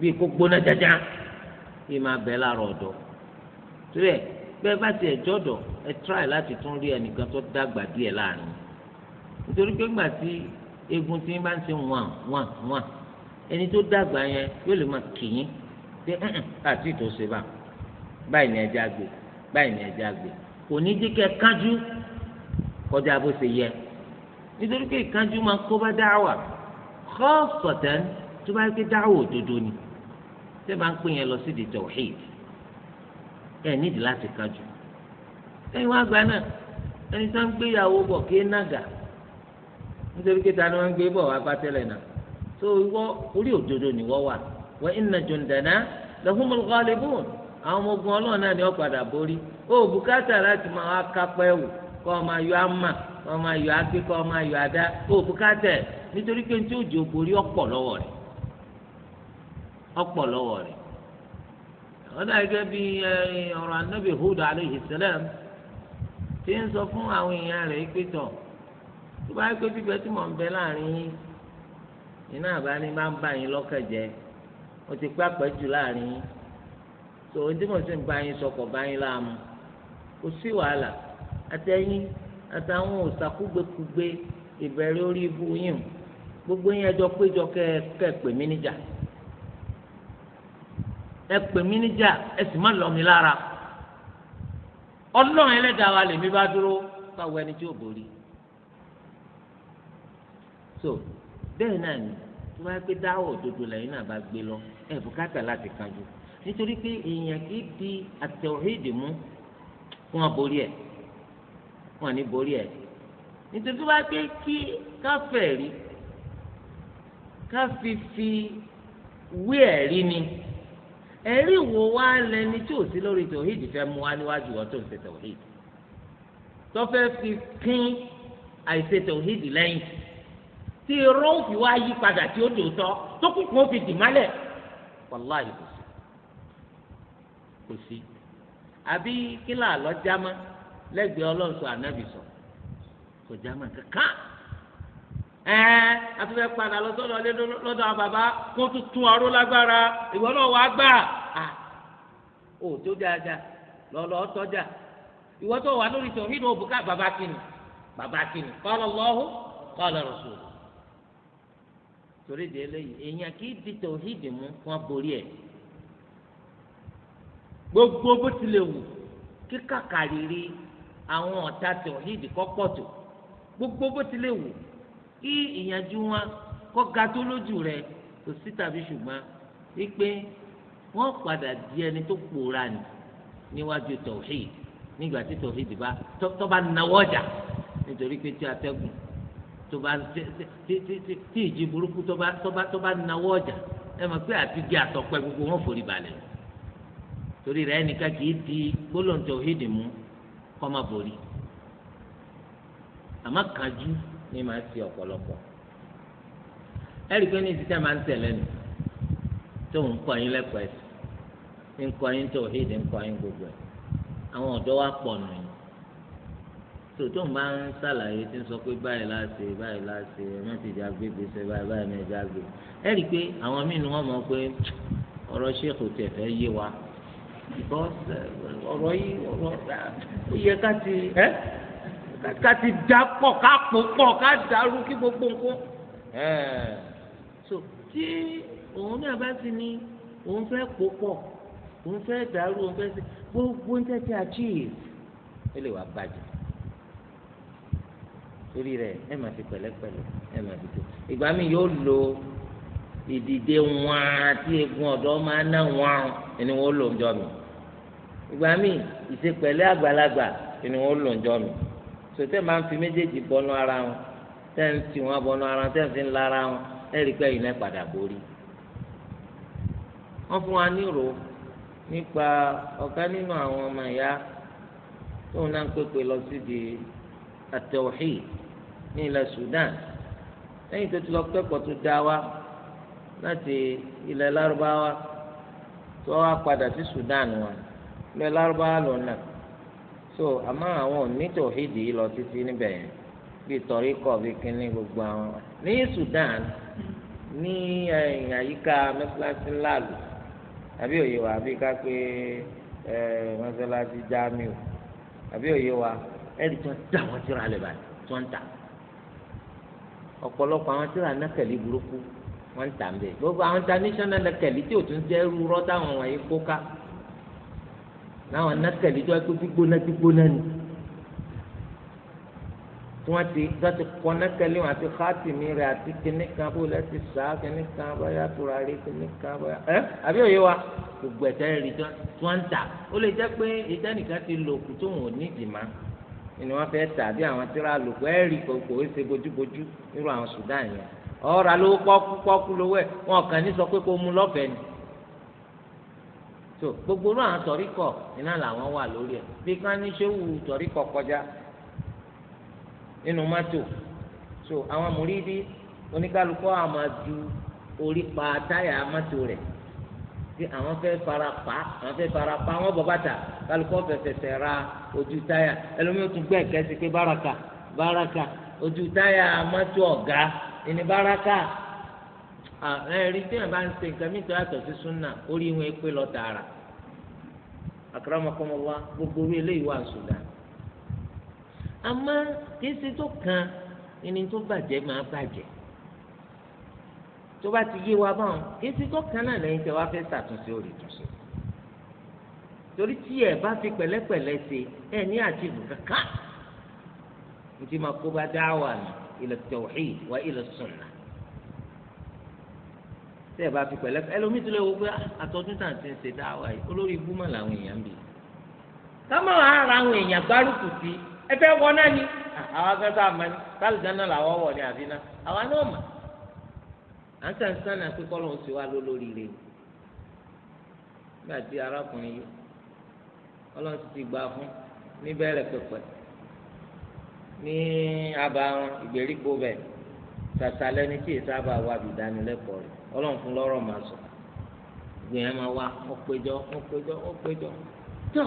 bíi kó gbóná jájá kí máa bẹ̀ láàrọ̀ ọ̀dọ̀ torí ẹ̀ bẹ́ẹ̀ bá tiẹ̀ jọ̀dọ̀ ẹ tíráì láti tún rí ẹnìkan tó dàgbà díẹ̀ láàrin nítorí pé gbà tí egun tí bá ń ṣe wàn wàn wàn ẹni tó dàgbà yẹn yóò lè máa kìyìn pé àti ìtòsí bá báyìí ni ẹja gbé báyìí ni ẹja gbé kò ní jẹ́ kẹ́ kájú kọjá bó ṣe yẹ nítorí pé ìkánjú máa kó bá dáwà khassatan tó bá gbé dáwà òdodo ni tẹ́ bá ń pè yẹn lọ sí di tawhid ẹ̀ nídìí láti kánjú ẹ̀yin wá gba náà ẹni tó ń gbéyàwó bọ̀ kí é nàgà nítorí pé ta ni wọ́n ń gbé bọ̀ wá bá tẹ́lẹ̀ náà tó ìwọ orí òdodo ni wọ́n wà wa inna jundana lahumul ghalibun àwọn ọmọ ogun ọlọ́run náà ni wọ́n padà borí ọmọ ayọ̀ agbẹ́kọ̀ ọmọ yọ adá òòfù kátẹ̀ nítorí pé tí òjò borí Ọpọ lọ́wọ́ rẹ̀ ọ̀pọ̀ lọ́wọ́ rẹ̀ wọ́n dà gẹ́gẹ́ bí ọ̀rọ̀ anábì Hud alayhi salam fún àwọn èèyàn pé tó bá tí mò ti pẹ́ àpẹ́jù láàrin yín tòun tí mo sì ń bá yín sọkọ̀ bá yín láàmú kò sí wàhálà àtẹ̀yìn àtàwọn òsàkúgbèkúgbè ìbẹ̀rẹ̀ orí ibu yìí gbogbo yín ẹjọ́ péjọ kẹ pè mí níjà ẹ pè mí níjà ẹ sì má lọ mí lára ọlọ́run ẹlẹ́dàá wa lèmi bá dúró káwọ ẹni tí ò borí so bẹ́ẹ̀ náà ni tó bá pé dáwọ̀ òdodo lẹ́yìn náà bá gbé lọ ẹ bùkátà láti kanjú nítorí pé èèyàn kì í di àtẹ̀wéèdè mú fún àbórí ẹ̀ wọn ní borí ẹ̀ nítorí tó bá gbé kí káfẹ́ rí ká fi fi wí ẹ̀rí ni ẹ̀rí wo wá lẹni tí ò sí lórí tòhídì fẹ́ mú wá níwájú wọn tó ń ṣe tòhídì tó fẹ́ fi kín àìṣe tòhídì lẹ́yìn tí irọ́ òfin wá yí padà tí ó dòótọ́ tó kù kó fi dì málẹ̀ wàláhì kò sí kò sí àbí kílà lọ́jà lẹ́gbẹ̀ẹ́ Ọlọ́run sọ ànábì sọ kò já mọ́ kankan ẹ̀ẹ́ àtúntò padà lọ́sọ̀dọ̀ lọ́dọ̀ àwọn bàbá kó tún tún lágbára ìwọ náà wàá gbà á ò tó dáadáa lọ́lọ́ tọ́jà ìwọ tó wà lórí tó hídùn òbúkà bàbá kìnnì bàbá kìnnì qala Allahu qala Rasul torí de eléyìí èèyàn kì í di tòhídì mú fún aborí ẹ gbogbo bó tilẹ̀ wù àwọn ọ̀tá tọhidi kọ́ pọ̀ tó gbogbo bó ti lè wù kí ìyànjú wọn kọ́ ga tó lójú rẹ kò sí tàbí ṣùgbọ́n wípé padà di ẹni tó pòórá ni níwájú tọ̀hìd nígbà tí tọ̀hìd bá tó bá ọjà nítorí pé tí atẹ́gùn tó bá tí ìjì burúkú tó bá nawọ́ ọjà ẹ mọ̀ pé àti gbogbo wọn forí balẹ̀ torí rẹ ẹnìkan kì í di mú kọ́ má borí àmọ́ kánjú ni màá ti ọ̀pọ̀lọpọ̀ ẹ̀rí pé ní ìsìtẹ́ máa ń tẹ̀lé nu tó ń kọ́ yín lẹ́kọ̀ọ́ ẹ̀sìn ń kọ́ yín tó hídì ń kọ́ yín gbogbo ẹ̀ àwọn ọ̀dọ́ wa pọ̀ nù yín tó tó ń bá ń ṣàlàyé tí ń sọ pé báyìí láṣẹ báyìí láṣẹ ẹ̀mọ́ ti jà gbé gbèsè báyìí báyìí mẹ́jà gbé ẹ̀rí pé àwọn míì ni wọ́n mọ̀ pé ọ̀rọ̀ ṣèkò tẹ̀fẹ́ yé wa because uh, ọ̀rọ̀ yìí ọ̀rọ̀ ó yẹ ká ti ẹ́ ká ti dà pọ̀ ká pò pọ̀ ká dàrú kí gbogbo nǹkan so tí òun náà bá ti ní òun fẹ́ pò pọ̀ òun fẹ́ dàrú òun fẹ́ sí gbogbo ń tẹ́tí achieve ó lè wá bàjẹ́ torí rẹ̀ ẹ máa fi pẹ̀lẹ́pẹ̀lẹ́ ẹ máa fi tó ìgbà mi yóò lo ìdìde wọn àti egun ọ̀dọ́ máa ná wọn ẹni wọn ó lò ń jọ mi ìgbà míì ìṣepẹ̀lẹ́ àgbàlagbà ni wọ́n lò ń jọ mi sòtẹ́ máa ń fi méjèèjì bọnú ara wọn tẹ́ ń tì wọ́n bọnú ara wọn tẹ́ ń la ara wọn ẹ̀rí pé ìlẹ̀ padà borí. wọ́n fún wa nírò nípa ọ̀kan nínú àwọn ọmọ ìyá tóun náà ń pèpè lọ sí àtẹ̀wọ̀hì ní ilẹ̀ Sudan lẹ́yìn tó ti lọ kẹ́kọ̀ọ́ tó dá wa láti ilẹ̀ lárúbáwá tó wá padà sí Sudan wọn lẹ lárúbáwá lọ náà so àmọ́ àwọn onítọ̀ hídì lọ títí níbẹ̀ yẹn bí tọ̀rí kọ̀ bí kínní gbogbo àwọn ní Sudan ní àyíká mẹ́sàlásí láàlú àbí òye wa àbí ká pé mẹ́sàlásí Jamiu àbí òye wa ẹ̀rí tí wọ́n dá wọn síra lẹ̀ báyìí tí wọ́n ń tà àwọn síra nákẹ́lì burúkú wọ́n ń tà gbogbo àwọn international nákẹ́lì tí ò tún jẹ́ rú rọ́ táwọn wọ̀nyí kó ká láwọn anákẹ́lẹ́ tó wá pé gbígbóná gbígbóná ni tí wọ́n ti tó ti kọ́ anákẹ́lẹ́ wọn àti xaatìmí rẹ̀ àti kíní kan bó lẹ́ ti sá kíní kan báyà tóra rí kíní kan báyà ẹ́ àbí òye wa gbogbo ẹ̀tẹ́ rí tí wọ́n ń tà ó lè jẹ́ pé ìdánìkan ti lò kù tó wọn ò ní ìdìmá ni wọ́n fẹ́ tà bí àwọn tíra lò pé ẹ̀rí kòkò ó ṣe bójúbójú nírú àwọn Sudan yẹn ọ̀rọ̀ alówó pọ́kú pọ́kú lówó ẹ̀ wọn kàn ní sọ pé kó mú lọ́fẹ̀ẹ́ so gbogbo náà àwọn tọ̀ríkọ̀ iná làwọn wà lórí ẹ̀ bí ká ní sẹ́wù tọ̀ríkọ̀ kọjá nínú mọ́tò so àwọn mùrídìí oníkálukọ́ àmà ju orí pa táyà mọ́tò rẹ̀ tí àwọn fẹ́ fara pa àwọn fẹ́ fara pa àwọn bọ̀ bàtà kálukọ́ fẹ̀fẹ̀fẹ̀ ra ojú táyà ẹlòmíràn tún gbẹ́ kẹ́sì pé báraka báraka ojú táyà mọ́tò ọ̀gá ẹni báraka ẹ̀rí tí wọn bá ń ṣe nǹkan mìíràn yàtọ̀ sí súnà orí wọn pé lọ tààrà akramakumullah gbogbo orí eléyìí wà Sudan àmọ́ kìí ṣe kan ẹni tó bàjẹ́ máa bàjẹ́ tó bá ti yé wa báwọn kìí tó kan náà lẹ́yìn tẹ wá fẹ́ ṣàtúnṣe ó lè túnṣe torí tí ẹ bá fi pẹ̀lẹ́pẹ̀lẹ́ ṣe ẹ ní àtìbù kankan ní ti máa kó bá dáwà ní ila tawhid wa ila sunnah tẹ́ ẹ bá fi pẹ̀lẹ́ ẹlòmíì tó lè wo pé ah, àtọ́jú tà ń ti ń ṣe dá wa yìí olórí ibú mọ̀ làwọn èèyàn ń bì. kámọ́ ara àwọn èèyàn gbárùkù sí ẹ fẹ́ wọ náà ni àwọn akẹ́kọ̀ọ́ àmọ́ ni sálùjá náà làwọn wọ̀ ní àbí náà àwa náà mà. à ń sàn sàn náà pé kọ́lọ́ ń ṣe wá lólórí rẹ̀ nígbà tí arákùnrin yìí ọlọ́run ti ti gbà fún níbẹ̀rẹ̀ pẹ̀pẹ̀ ní àbá ìgbèríko bẹ́ẹ̀ tàtà lẹni tí èsì àbá wa bì dánilẹ́kọ̀ọ́ rẹ̀ ọlọ́run fún lọ́rọ̀ máa sọ gbìyànjú máa wá ọ̀pẹ̀jọ ọ̀pẹ̀jọ ọ̀pẹ̀jọ tó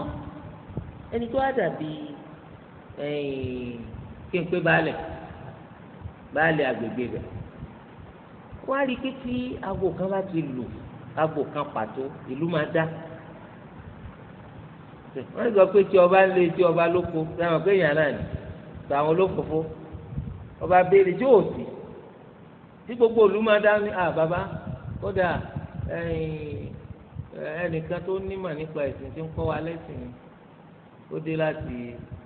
ẹni tó wá dàbí kí n pé baálẹ̀ baálẹ̀ agbègbè rẹ̀ wọ́n á rí i pé tí aago kan bá ti lù aago kan pàtó ìlú máa dá wọ́n sọ pé tí ọba ń lé tí ọba lóko táwọn pé èèyàn náà tàwọn olókòfó ọba béèrè tí ò sí tí gbogbo òlu máa dá ní à bàbá kódà ẹnìkan tó nímọ̀ nípa ẹ̀sìn tí ń kọ́ wa lẹ́sìn ó dé láti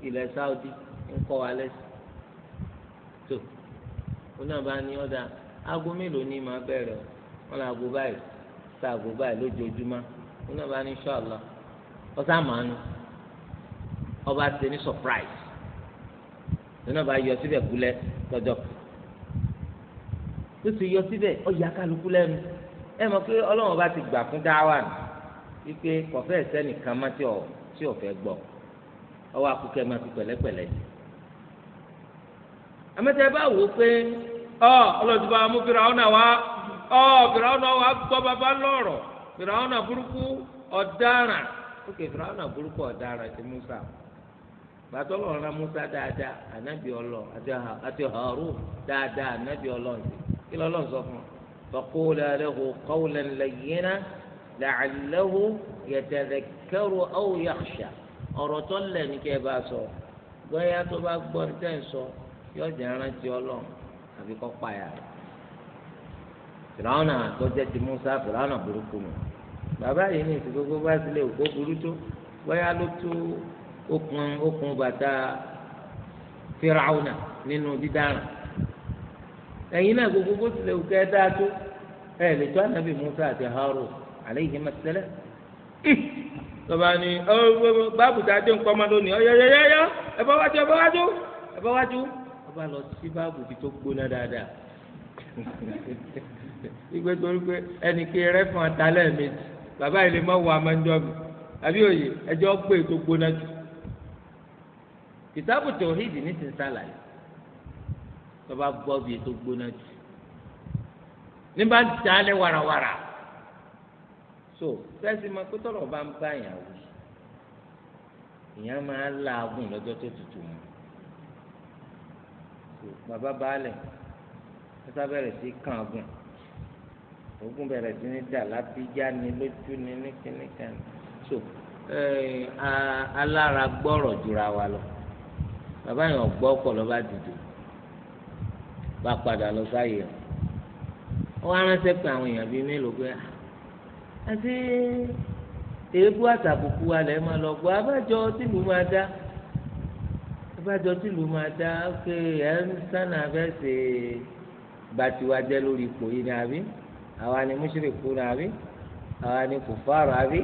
ilẹ̀ Saudi ń kọ́ wa lẹ́sìn tó onáàbá ní ọ̀dà aago mélòó ni màá bẹ̀rẹ̀ o wọn lọ aago báyìí tá aago báyìí lójoojúmọ́ onáàbá ní sọ́ọ̀lá ọ̀sán màánu ọba ti ní surprise onáàbá yọ síbẹ̀ kúlẹ̀ lọ́jọ́ kan. tó ti yọ síbẹ̀ ó yà kálukú lẹ́nu ẹ mọ̀ pé ọlọ́run bá ti gbà fún dáwà nù wípé kọ̀fẹ́ ẹ̀sẹ́nìkan má ti ò tí ò fẹ́ gbọ́ ọwọ́ akúkẹ́ máa fi pẹ̀lẹ́pẹ̀lẹ́ ni. àmọ́tẹ́ bá wò ó pé ọ ọlọ́dún bá mú fìràwọ́nà wá ọ fìràwọ́nà wá gbọ́ bàbá lọ́rọ̀ fìràwọ́nà burúkú ọ̀daràn fìràwọ́nà burúkú ọ̀daràn ti Musa Musa dáadáa àti dáadáa kí lọ́lọ́ sọ fún un faqula lahu qawlan layyina la'allahu aw yakhsha ọ̀rọ̀ tó lẹ̀ ní kẹ́ bá sọ gbọ́yà tó bá gbọ́ ní tẹ́ sọ yóò jẹ́ rántí ọlọ́run àbí kọ́ payà rẹ̀ tó jẹ́ ti Musa fìràwọnà burúkú mu bàbá yìí ní ìsìnkú gbogbo bá sílẹ̀ òkú burú tó ló tú okùn okùn bàtà fìràwọnà nínú dídáràn. ẹ̀yin náà gbogbo bó tilẹ̀ wù kẹ́ ẹ dáa tó ẹ lè tó ànábì Musa àti Harun alayhi masalam tọba ni báàbù tá a ni ọyọyọyọyọ ẹ wájú ẹ wájú ẹ wájú ẹ lọ sí báàbù tó gbóná dáadáa ìgbé torí pé ẹnì kí fún atalẹ méjì bàbá yìí lè má wọ mi àbí òye ẹjọ gbé tó gbóná jù kìtàbù ní ti ń tó bá gbọ́ bí ètò gbóná jù ní bá ń tà á lé warawara so sẹ́sì máa pé tọ́lọ̀ bá ń bá yàn wí ìyẹn máa ń laagun lọ́jọ́ tó tutù mu so bàbá baálẹ̀ ẹ̀sà bẹ̀rẹ̀ sí kàn gùn ogun bẹ̀rẹ̀ sí ní dà lábíjá ni lójú ni ní kíníkan so alára gbọ́rọ̀ jura wa lọ bàbá yẹn ọ̀gbọ́ ọ̀pọ̀ lọ́ba dìde bá padà lọ sáyé rẹ̀ ó wá ránṣẹ́ pé àwọn èèyàn bíi mélòó pé ah, àti èébú àtàbùkù alẹ́ máa lọ gbọ́ abájọ tìlú máa dá abájọ tìlú máa dá pé ẹ̀ ń sànà abẹ́ ṣe gbàtiwájẹ́ lórí ipò yìí ni àbí àwa ni mùsùlùkù ni àbí àwa ni kùfàrọ̀ àbí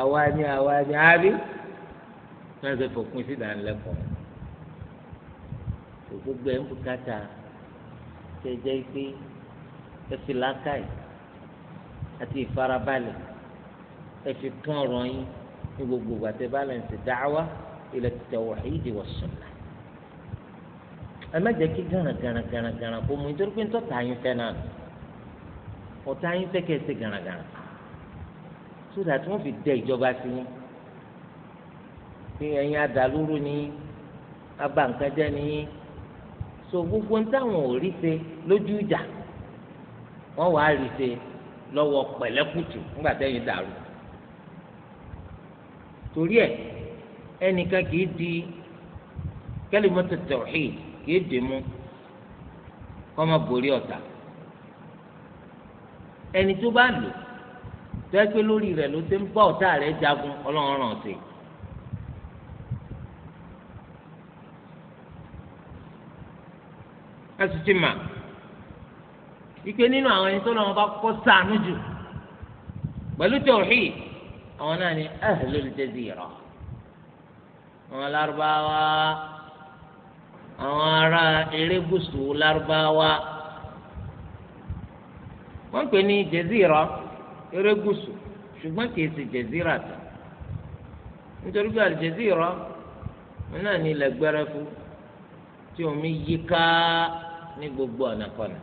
àwa ni àwa ni àbí náà fòpin sí ìdánilẹ́kọ̀ọ́ gbogbo ẹ̀ ń bùkátà ṣe jẹ́ pé ẹ̀fì làákàyè àti ìfarabalẹ̀ ẹ̀fì kan ọ̀rọ̀ yín ní gbogbo ìgbà tẹ́ bá lẹ̀ ń ṣe da'wa ila at-tawhid was-sunnah. ẹ má jẹ́ kí gàràngàràngàràngàrà kó mu nítorí pé ń tọ́ta yín fẹ́ náà ọ̀tá yín fẹ́ kẹ́ ẹ ṣe gàràngàrà sódà tí wọ́n fi dẹ ìjọba sí yín pé ẹ̀yin adàlúrú ni abàǹkájẹ́ ni yín so gbogbo ní táwọn ò rí ṣe lójú ìjà wọn wàá rí ṣe lọ́wọ́ pẹ̀lẹ́kùtù nígbà tẹ́yìn dàrú torí ẹ ẹnìkan kì í di kalimatu tawhid kì í dì mú kọ́ máa borí ọ̀tá ẹni tó bá lò tó ẹ pé lórí rẹ̀ ló ti ń bá ọ̀tá rẹ̀ jagun ọlọ́run ọ̀sẹ̀ yìí. ẹsùn ti mà ike nínú àwọn ẹni tó lọ́wọ́ bá kọ́ sànú jù pẹ̀lú tòhí àwọn náà ni ahlul jazira àwọn lárúbáwá àwọn ará erégùsù lárúbáwá wọ́n pè ní jazira erégùsù ṣùgbọ́n kìí ṣe jazira tán nítorí pé àlùjazira wọn náà ní ilẹ̀ gbẹrẹfu tí omi yíká ní gbogbo ọ̀nà kọ̀nà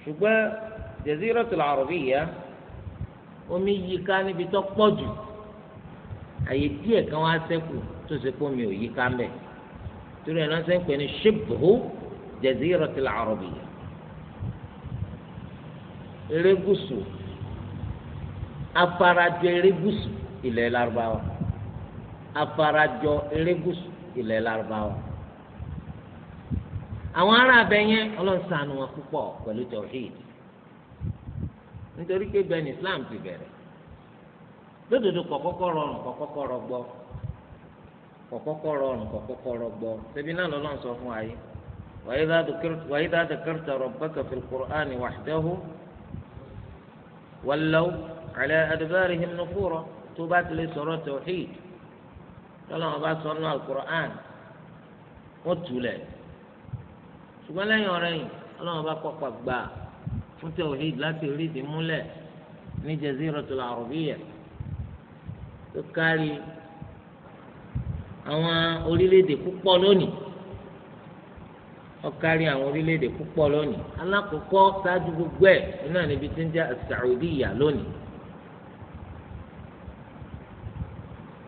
ṣùgbọ́n Jaziratul Arabia omi yíká níbi tó pọ̀ jù àyè díẹ̀ kan wá sẹ́kù tó ṣe pé omi ò yíká mbẹ̀ torí ẹ̀ náà ṣe ń pè ní ṣibhu Jaziratul Arabia erégùsù afarajọ erégùsù ilẹ̀ Lárúbáwá afarajọ erégùsù ilẹ̀ Lárúbáwá àwọn ará abẹ yẹn ọlọ́run ṣàánú wọn púpọ̀ pẹ̀lú tawhid nítorí pé bẹ́ẹ̀ ni islam ti bẹ̀rẹ̀ lódodo kọ̀kọ́kọ́ rọrùn kọ̀kọ́kọ́ rọgbọ kọ̀kọ́kọ́ rọrùn kọ̀kọ́kọ́ rọgbọ ṣebí náà lọ́lọ́run sọ fún ayé wa idha dhakarta rabbaka fil qur'ani wahdahu wallaw ala adbarihim nufura tó bá ti lè sọ̀rọ̀ tawhid lọ́lọ́run bá sọ nínú al wọ́n tulẹ̀ ṣùgbọ́n lẹ́yìn ọ̀rẹ́ yìí ọlọ́run bá kọ́pà gbà fún tawhid láti orí ìdí múlẹ̀ ní jaziratul arabiyya tó kárí àwọn orílẹ̀-èdè púpọ̀ lónìí ọkárí àwọn orílẹ̀-èdè púpọ̀ lónìí alákòókò ṣáájú gbogbo ẹ̀ iná níbi tí ń jẹ́ Saudiya lónìí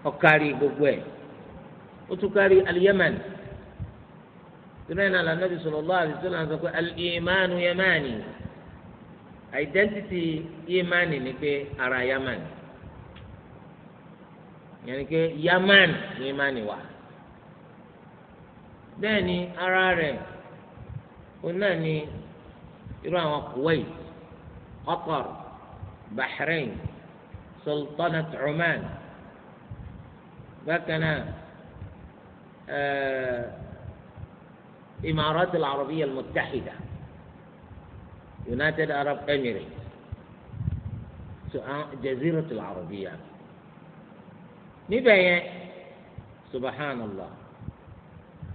ọkárí gbogbo ẹ̀ ó tún kárí al ìrẹ́ náà la Nabi sallallahu alaihi wasallam sọ pé al-imanu yamani identity yamani ni pé ara yamani yẹn ni pé yamani ni yamani wà bẹ́ẹ̀ ni ara rẹ̀ òun náà ni irú àwọn Kuwait Qatar Bahrain Sultanate Oman bákan náà ẹ̀ẹ́. Eh, الإمارات العربية المتحدة يونايتد عرب إميريتس جزيرة العربية نبي سبحان الله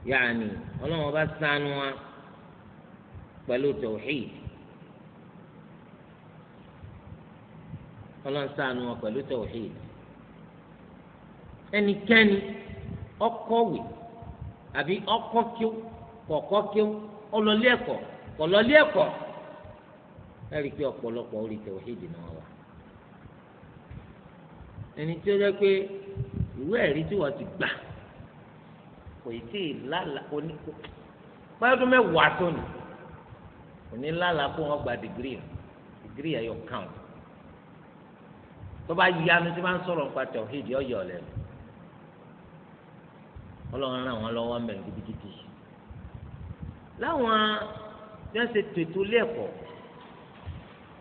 يعني ولما بس عنوا بلو توحيد ولما بس عنوا بلو توحيد أني كان أقوي أبي أقوى kọ̀ọ̀kọ́ kéw ọlọ́lé ẹ̀kọ́ kọ̀lọ́lé ẹ̀kọ́ ẹ̀rí pé ọ̀pọ̀lọpọ̀ orí tẹ̀wéjì náà wà. ẹni tí ó jẹ́ pé ìwé ẹ̀rí tí wọ́n ti gbà kò ì tí ì lálà oníkó pẹ́ẹ́dún mẹ́wàá tó ní kò ní lálà kó wọ́n gba dìgírì dìgírì ẹ̀yọ kàn tó bá yanu tí wọ́n sọ̀rọ̀ nípa tẹ̀wéjì ọ̀yọ̀ lẹ́nu ọlọ́run ràn wọ́n lọ́wọ́ mẹ́rin gidigidi láwọn bí wọ́n ṣe tètò ilé ẹ̀kọ́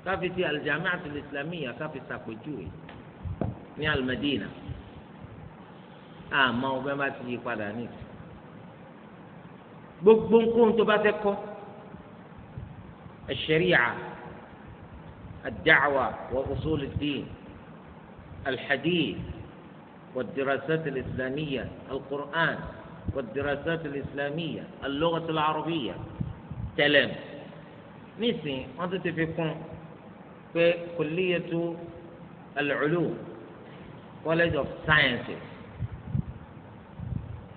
káfi ti aljamiatu islamiyya káfi sàpèjúwe ní almadina àmọ́ ọgbẹ́ bá ti yí padà ní ìsìn gbogbo nkóhun tó bá fẹ́ kọ́ ẹ̀ṣẹ̀ríyà الدعوة alìhadì wà الحديث والدراسات الإسلامية القرآن والدراسات الإسلامية اللغة العربية تلاميذ nísìn wọn tún ti fi kún pé kòlíyẹtu al-ulum college of sciences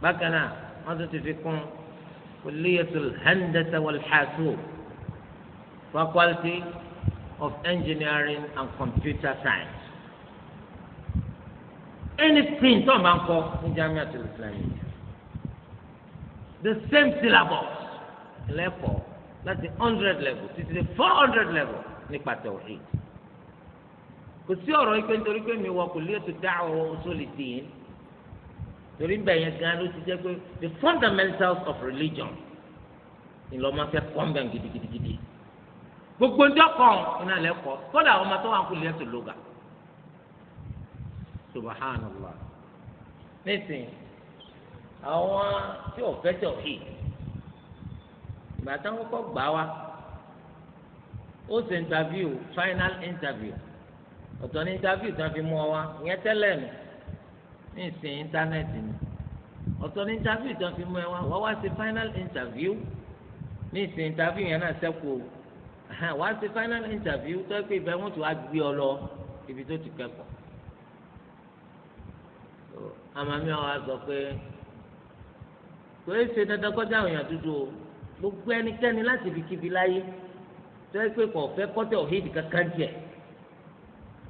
bákan náà wọn tún ti fi kún kòlíyẹtu al-handasa wal-hasub faculty of engineering and computer science anything tó o máa ń kọ ní jamiu àti islamiyya the same syllabus lẹ́kọ̀ọ́ láti hundred level títí dé four hundred level nípa tawhid kò sí ọ̀rọ̀ yìí pé nítorí pé mi wọ kò lè tó dá àwọn usuli din torí bẹ́ẹ̀ yẹn gan ló ti jẹ́ pé the fundamentals of religion ni lọ́ọ́ máa fẹ́ kọ́ńbẹ̀n gidigidigidi gbogbo ńjọ́ kan iná lẹ́kọ̀ọ́ kódà àwọn ọmọ tó wà kò lè tó lóga subhanallah nísìnyí àwọn tí ò fẹ́ tọ̀ hì ìgbà táwọn kọ́ gbà wá ó ṣe interview final interview ọ̀tọ̀ ní interview tí wọ́n fi mú ọ wá ìyẹn tẹ́lẹ̀ nù ní ìsìn íńtánẹ́ẹ̀tì ni ọ̀tọ̀ ní interview tí wọ́n fi mú ẹ wá wọ́n wá ṣe final interview ní ìsìn interview yẹn náà sẹ́kù o wá ṣe final interview tó pé ibẹ̀ wọ́n ti wá gbé ọ lọ ibi tó ti kẹ́kọ̀ọ́ àmàmí ọ̀ wá sọ pé. kò é ṣe dandan kọjá àwọn èèyàn dúdú o gbogbo ẹnikẹ́ni láti ibikíbi láyé tó yẹ pé kò fẹ́ kọ́tẹ̀ òhídì kankan jẹ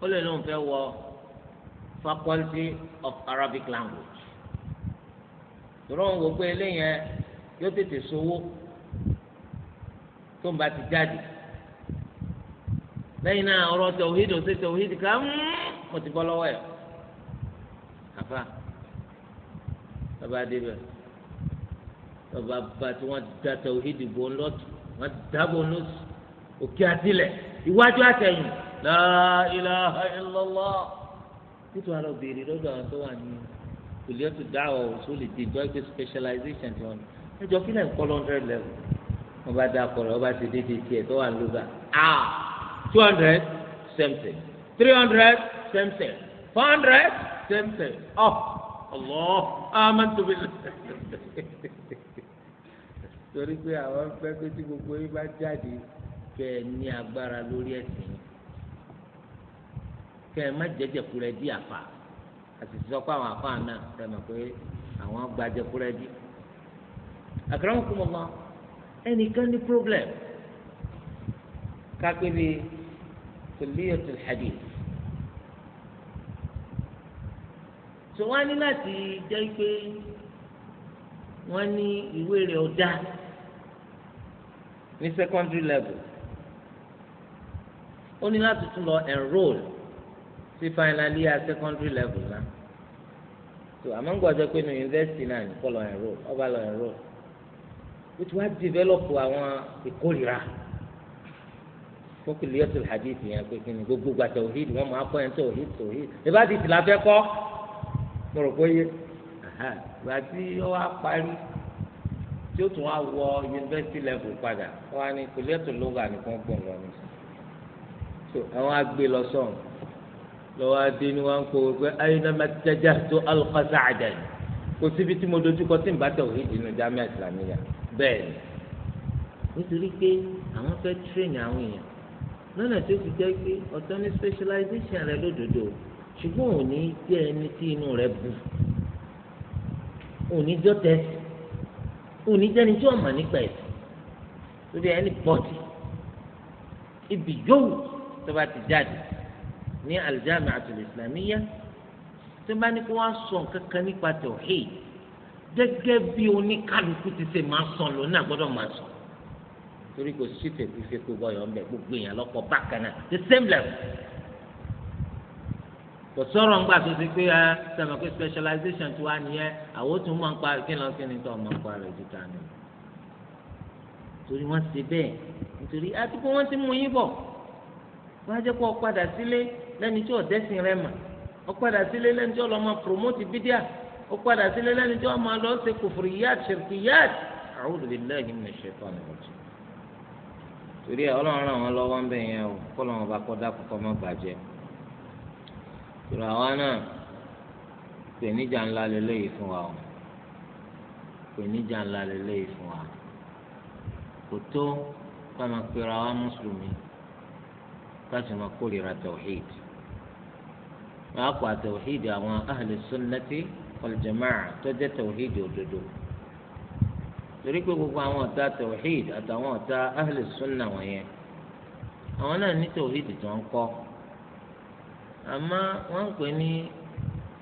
ó lè lóun fẹ́ wọ faculty of Arabic language tòrọ ń wò pé eléyẹn yóò tètè sowó tó ń bá ti jáde lẹ́yìn náà ọ̀rọ̀ ká hmm, mo ti bọ́ lọ́wọ́ bàbá bàbá tí wọ́n da tawhid bò ń lọ́tù wọ́n dábò ń lọ́sù òkè àtìlẹ̀ iwájú àtẹ̀yìn la ilaha illallah títí wàá lọ béèrè lọ́dọ̀ àwọn tó wà ní kòlíọ́tù dáwọ̀ òṣòlì tí ìjọ ìgbé specialization ti wọn ẹjọ́ kílẹ̀ ń kọ́ lẹ́wọ̀ wọ́n bá dá akọ̀rọ̀ wọ́n ti dédé tiẹ̀ tó wà lóga ah two hundred same thing three hundred same thing four hundred same thing oh Allah amantu billah. torí pé àwọn fẹ́ pé tí gbogbo yín bá jáde kẹ́ ẹ ní agbára lórí ẹ̀sìn kẹ́ ẹ má jẹ́jẹ̀kulẹ̀ dí àfà àti sọ pé àwọn àfà náà tẹ̀ mọ̀ pé àwọn gbajẹkulẹ̀ dí. àkàràwọ̀ kú mọ́ ẹnìkan ní problem kápẹ́ bíi tòlíyàtul hadith. tí wọ́n á ní láti jẹ́ pé wọ́n ní ìwé rẹ̀ ọ̀dá ní secondary level ó ní láti tún lọ enrol sí final year secondary level náà so àmọ́ ń gbọ́dọ̀ pé ní university náà ní kọ́ lọ enrol ọba lọ enrol ó ti wá develop àwọn ìkórìíra fókè liyọ́tò hadithi yẹn pé kí ni gbogbo gba tòhídì wọn máa kọ́ yẹn tòhídì tòhídì ìbá ti tìlà fẹ́ kọ́ mo rò pé yé ìgbà tí ó wá parí tí ó tún wá wọ yunifásitì level padà wọn á ní kòlíẹ̀ tó lóga nìkan gbọ̀n lọ ní. so àwọn agbè lọ sọ̀n lọ́wọ́ adé ni wọ́n ń kó pé ayélujára tẹ́jà tó alùpàṣà àjà yìí kò síbi tí mo dojú kọ tí n bá tẹ̀ òhìn dínú jámẹ́ ìsìlámíyà bẹ́ẹ̀ ni. nítorí pé àwọn fẹ́ tírèèni àwọn èèyàn lọ́nà tó fi jẹ́ pé ọ̀tọ̀ ní specialization rẹ lódodo ṣùgbọ́n òní jẹ́ ẹni tí inú rẹ bù òní jọ́ tẹ̀sí òní jẹ́ni tí wọ́n mọ̀ nípa ẹ̀sìn lórí ẹni pọ́tì ibi yòówù tó bá ti jáde ní al-Jami'atul Islamiyyah tó bá ní kó wá sọ nǹkan kan nípa tauhid gẹ́gẹ́ bí oníkálukú ti ṣe máa sọ lọ náà gbọ́dọ̀ máa sọ torí kò sí fèkúfèkú bọyọ ọmọ ẹ gbogbo èèyàn lọkọ bákan náà the same level kò sọ̀rọ̀ ńgbà tó ti pé ẹ sẹ́mi pé specialization ti wá nìyẹn àwọn tún máa ń pa kí lọ́n kí ni tó máa ń pa rẹ̀ ju ta ni. torí wọ́n ti bẹ́ẹ̀ nítorí àti pé wọ́n ti mú yín bọ̀ wọ́n á jẹ́ kó o padà sílé lẹ́ni tí ọ̀dẹ́sìn rẹ mà o padà sílé lẹ́ni tí ọlọ́mọ promote bídíà o padà sílé lẹ́ni tí ọmọ lọ ṣe kufriyat shirkiyat a'udhu billahi minash shaitani rajim. ń bẹ̀ ìrọ̀ àwa náà pèníjà ńlá lélẹ́yìí fún wa o pèníjà ńlá lélẹ́yìí fún wa kò tó ká máa pera wa mùsùlùmí ká sì máa kórìíra tawhid máa pa tawhid àwọn ahli sunnati wal tó jẹ́ tawhid òdodo torí pé gbogbo àwọn ọ̀tá tawhid àtàwọn ahli sunna wọ̀nyẹn àwọn náà ní tawhid tí wọ́n àmọ́ wọ́n ń pè ní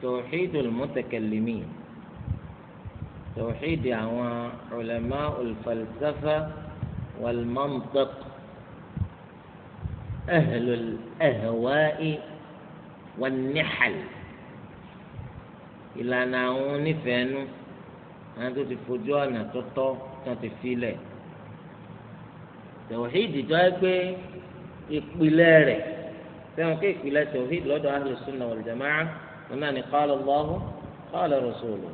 tawhidul mutakallimin tawhid àwọn ulama'ul falsafa wal mantiq ahlul ahwa'i wan nihal ìlànà àwọn onífẹ̀ẹ́nu àwọn tó ti fojú ọ̀nà tó tó ti filẹ̀ tawhid tó yẹ pé ìpìlẹ̀ sẹ́wọ̀n kí ìpìlẹ̀ tòhíd lọ́dọ̀ ahlus sunnah wal jama'ah wọn náà ní qala Allahu qala rasuluhu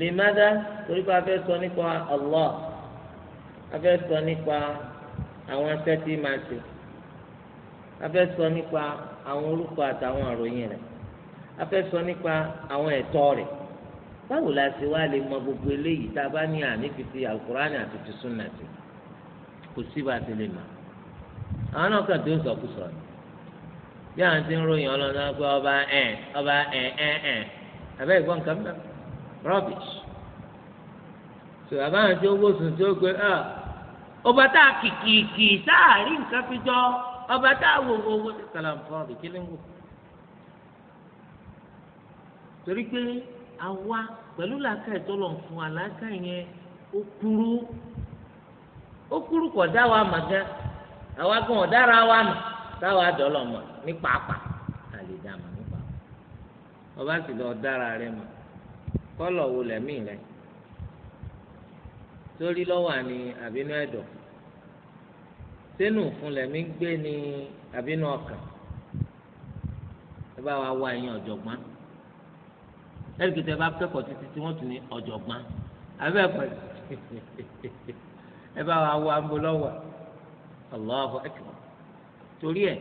lèmádá torí pé a fẹ́ sọ nípa Allah a fẹ́ sọ nípa àwọn sẹ́tì máa ṣe a fẹ́ sọ nípa àwọn orúkọ àtàwọn àròyìn rẹ̀ a fẹ́ sọ nípa àwọn ẹ̀tọ́ rẹ̀ báwo la ṣe wá lè mọ gbogbo eléyìí tá a bá ní àní fífi alukurani àti ti sunna ti kò sí bá a ti lè mọ àwọn náà kàn tó ń sọkúsọ ni bí àwọn ti ń ròyìn ọlọ́dún pé ọba ẹ̀ ọba ẹ̀ ẹ̀ ẹ̀ abẹ́ ìgbọ́n nǹkan mọ́ rubbish so àbá àwọn tí ó tí ó gbé ọ ọba tá a kìkìkì tá a rí nǹkan fi jọ ọba tá a wò wò wò ń wò torí pé àwa pẹ̀lú làákàyè tó lọ fún wa làákàyè yẹn ó kúrú ó kúrú kọ̀ dá wa màgá àwa gan wa nù. táwa dọ́lọ̀ mọ̀ ní pàápàá àlè dá mọ̀ ní pàápàá ọba sì lọ dára rẹ mọ̀ kọ́lọ̀ wo lẹ́mí rẹ sórí lọ́wọ́ ni àbínú ẹ̀dọ̀ sínú fún lẹ́mí gbé ni àbínú ọkàn ẹ bá wa wá ẹyin ọ̀jọ̀gbọ́n ẹ̀rí kìtẹ́ bá kẹ́kọ̀ọ́ títí tí wọ́n tún ní ọ̀jọ̀gbọ́n abẹ́ pẹ̀lú ẹ bá wa wá ń bo lọ́wọ́ Allahu akbar. torí ẹ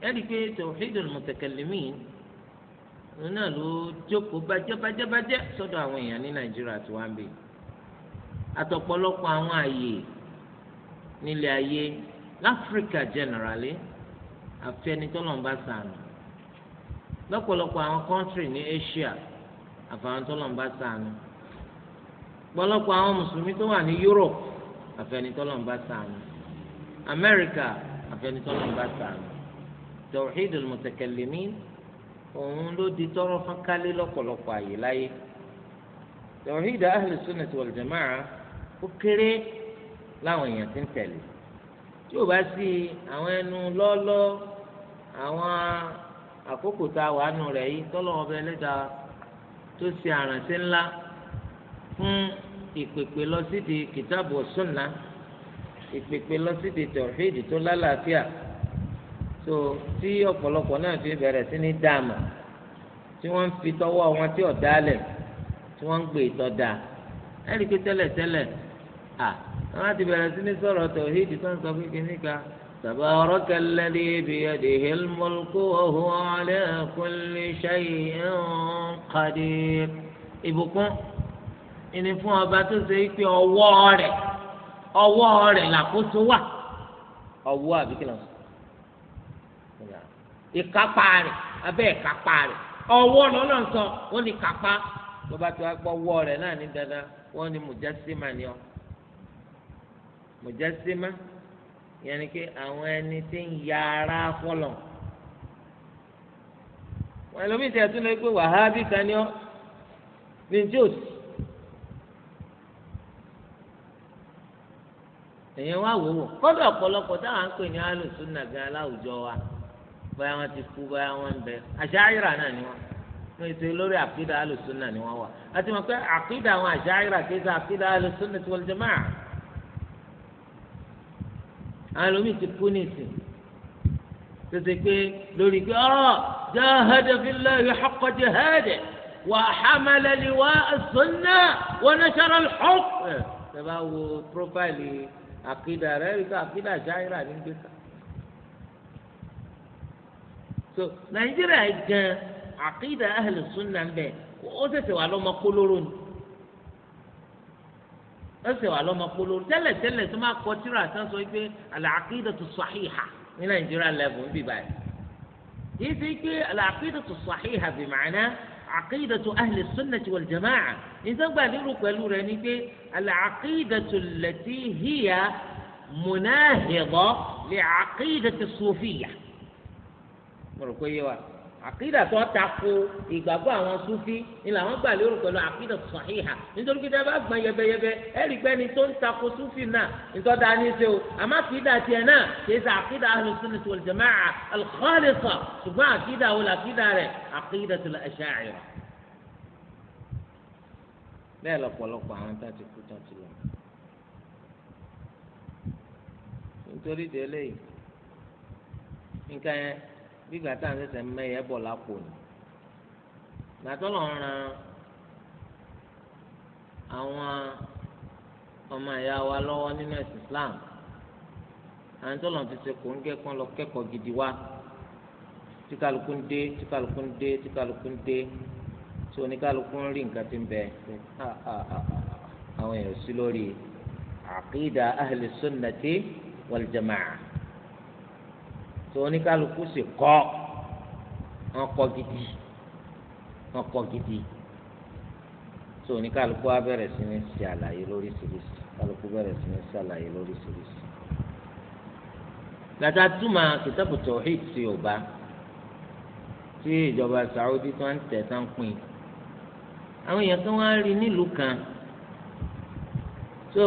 ẹni pé tawhidul mutakallimin òun náà ló jókòó bàjẹ́bàjẹ́bàjẹ́ sọ́dọ̀ àwọn èèyàn ní nàìjíríà tí wọ́n ń bè àwọn àyè nílẹ̀ ayé láfíríkà generally àfẹnitọ́lọ́mbà sànù lọ́pọ̀lọpọ̀ àwọn kọ́ńtírì ní asia àfẹnitọ́lọ́mbà sànù pọ̀lọpọ̀ àwọn mùsùlùmí tó wà ní europe àfẹnitọ́lọ́ ń bá sàánù tawhidul mutakallimin òun ló di tọrọ fún kálí lọ́pọ̀lọpọ̀ àyè láyé tawhid ahlu sunnati wal jama'a ó kéré láwọn èèyàn ti ń tẹ̀lé tí ò bá sí àwọn ẹnu lọ́lọ́ àwọn àkókò tá a wà nù rẹ̀ yìí tọ́lọ́ ọbẹ̀ ẹlẹ́dàá tó ṣe àrànṣe ńlá fún ìpèpè lọ sídìí kìtàbù sunnah ìpèpè lọ sí di tọ̀hídì tó lálàáfíà tó tí ọ̀pọ̀lọpọ̀ náà fi bẹ̀rẹ̀ sí ní dààmú tí wọ́n ń fi tọwọ́ wọn tí ò dálẹ̀ tí wọ́n ń gbé ìtọ́da ẹ̀rí pé tẹ́lẹ̀tẹ́lẹ̀ à wọ́n ti bẹ̀rẹ̀ sí ní sọ̀rọ̀ tọ̀hídì tó ń sọ pé kìíní ka تبارك الذي بيده الملك وهو على كل شيء قدير ọwọ́ rẹ̀ làkóso wà ọwọ́ àbí ìkápá rẹ̀ abẹ́ ìkápá rẹ̀ ọwọ́ lọ́nà sọ wọ́n ní kápá ló bá ti wá gbọ́ ọwọ́ rẹ̀ náà ní dandan wọ́n ní ni ọ́ pé àwọn ya ara fọlọ̀ wọ́n ẹlòmíì tẹ̀ tún lè gbé wàhábì kan ní tí èyàn wá wò wò kọ́dọ̀ ọ̀pọ̀lọpọ̀ táwọn ń pè ní alùsùnà gan aláwùjọ wa bóyá wọn ti kú bóyá wọn ń bẹ àṣàyíra náà ni wọn wọn ètò lórí àkídà alùsùnà ni wọn wà àti wọn pé àkídà àwọn àṣàyíra kì í sọ àkídà alùsùnà tí wal jamaa àwọn ẹlòmíì ti kú ní tètè pé lórí pé ọ̀rọ̀ jahada fillahi haqqa jihadi wa hamala liwa as-sunna wa nashara al-haqq tẹ àkìdá rẹ̀ rí ká àkìdá ṣáírà ní gbé so nàìjíríà gan àkìdá ahlù sunna ń bẹ ó ṣẹ̀ṣẹ̀ wà lọ́mọ kólóró ni ó ṣẹ̀ṣẹ̀ wà lọ́mọ kólóró tẹ́lẹ̀ tẹ́lẹ̀ tó máa kọ tíra àti sọ pé àlàkìdá tó sàhíhà ní nàìjíríà lẹ́bùn bíbáyìí kì í ṣe pé àlàkìdá tó sàhíhà bìmọ̀ àná. عقيدة أهل السنة والجماعة إذا بالرو قالوا رنيبي العقيدة التي هي مناهضة لعقيدة الصوفية مرقوا àkídà tó tako ìgbàgbọ́ àwọn sufi ni làwọn gbà lérò pẹ̀lú àkídà sàhíhà nítorí kíkẹ́ bá gbọ́n yẹbẹyẹbẹ ẹ̀rí pẹ́ni tó ń tako sufi náà nítorí dání ṣe o àmọ́ àkídà tiẹ̀ náà kì í ṣe àkídà ahlus sunnah wal jamaa al-khalisah ṣùgbọ́n àkídà wo làkídà rẹ̀ àkídà tó la asha'ira. bẹ́ẹ̀ lọ́pọ̀lọpọ̀ àwọn tá kú tán lọ nítorí bí gbàtà ń sẹsẹ mẹyẹ bọ lápò ni gbàtọlọ ń ran àwọn ọmọ ìyá wa lọ́wọ́ nínú ẹ̀sìn Islam àwọn tọlọ ti ṣe kò ń gẹ kán lọ kẹ́kọ̀ọ́ gidi wa tí kálukú ń dé tí kálukú ń dé tí kálukú ń dé tí oníkálukú ń rí nǹkan tí ń bẹ àwọn èèyàn sí lórí àkídà ahli sunnati wal jama'a tó oníkálukú sì kọ́ wọn kọ́ gidi wọn kọ́ gidi tó oníkálukú á bẹ̀rẹ̀ sí ní ṣe àlàyé lóríṣiríṣi kálukú bẹ̀rẹ̀ sí ní ṣe àlàyé lóríṣiríṣi. gbàtà túmọ̀ kìtàbù tawhid sí Yorùbá tí ìjọba Saudi tó ń tẹ̀ tán pin àwọn èèyàn kan wá rí nílùú kan tó. So,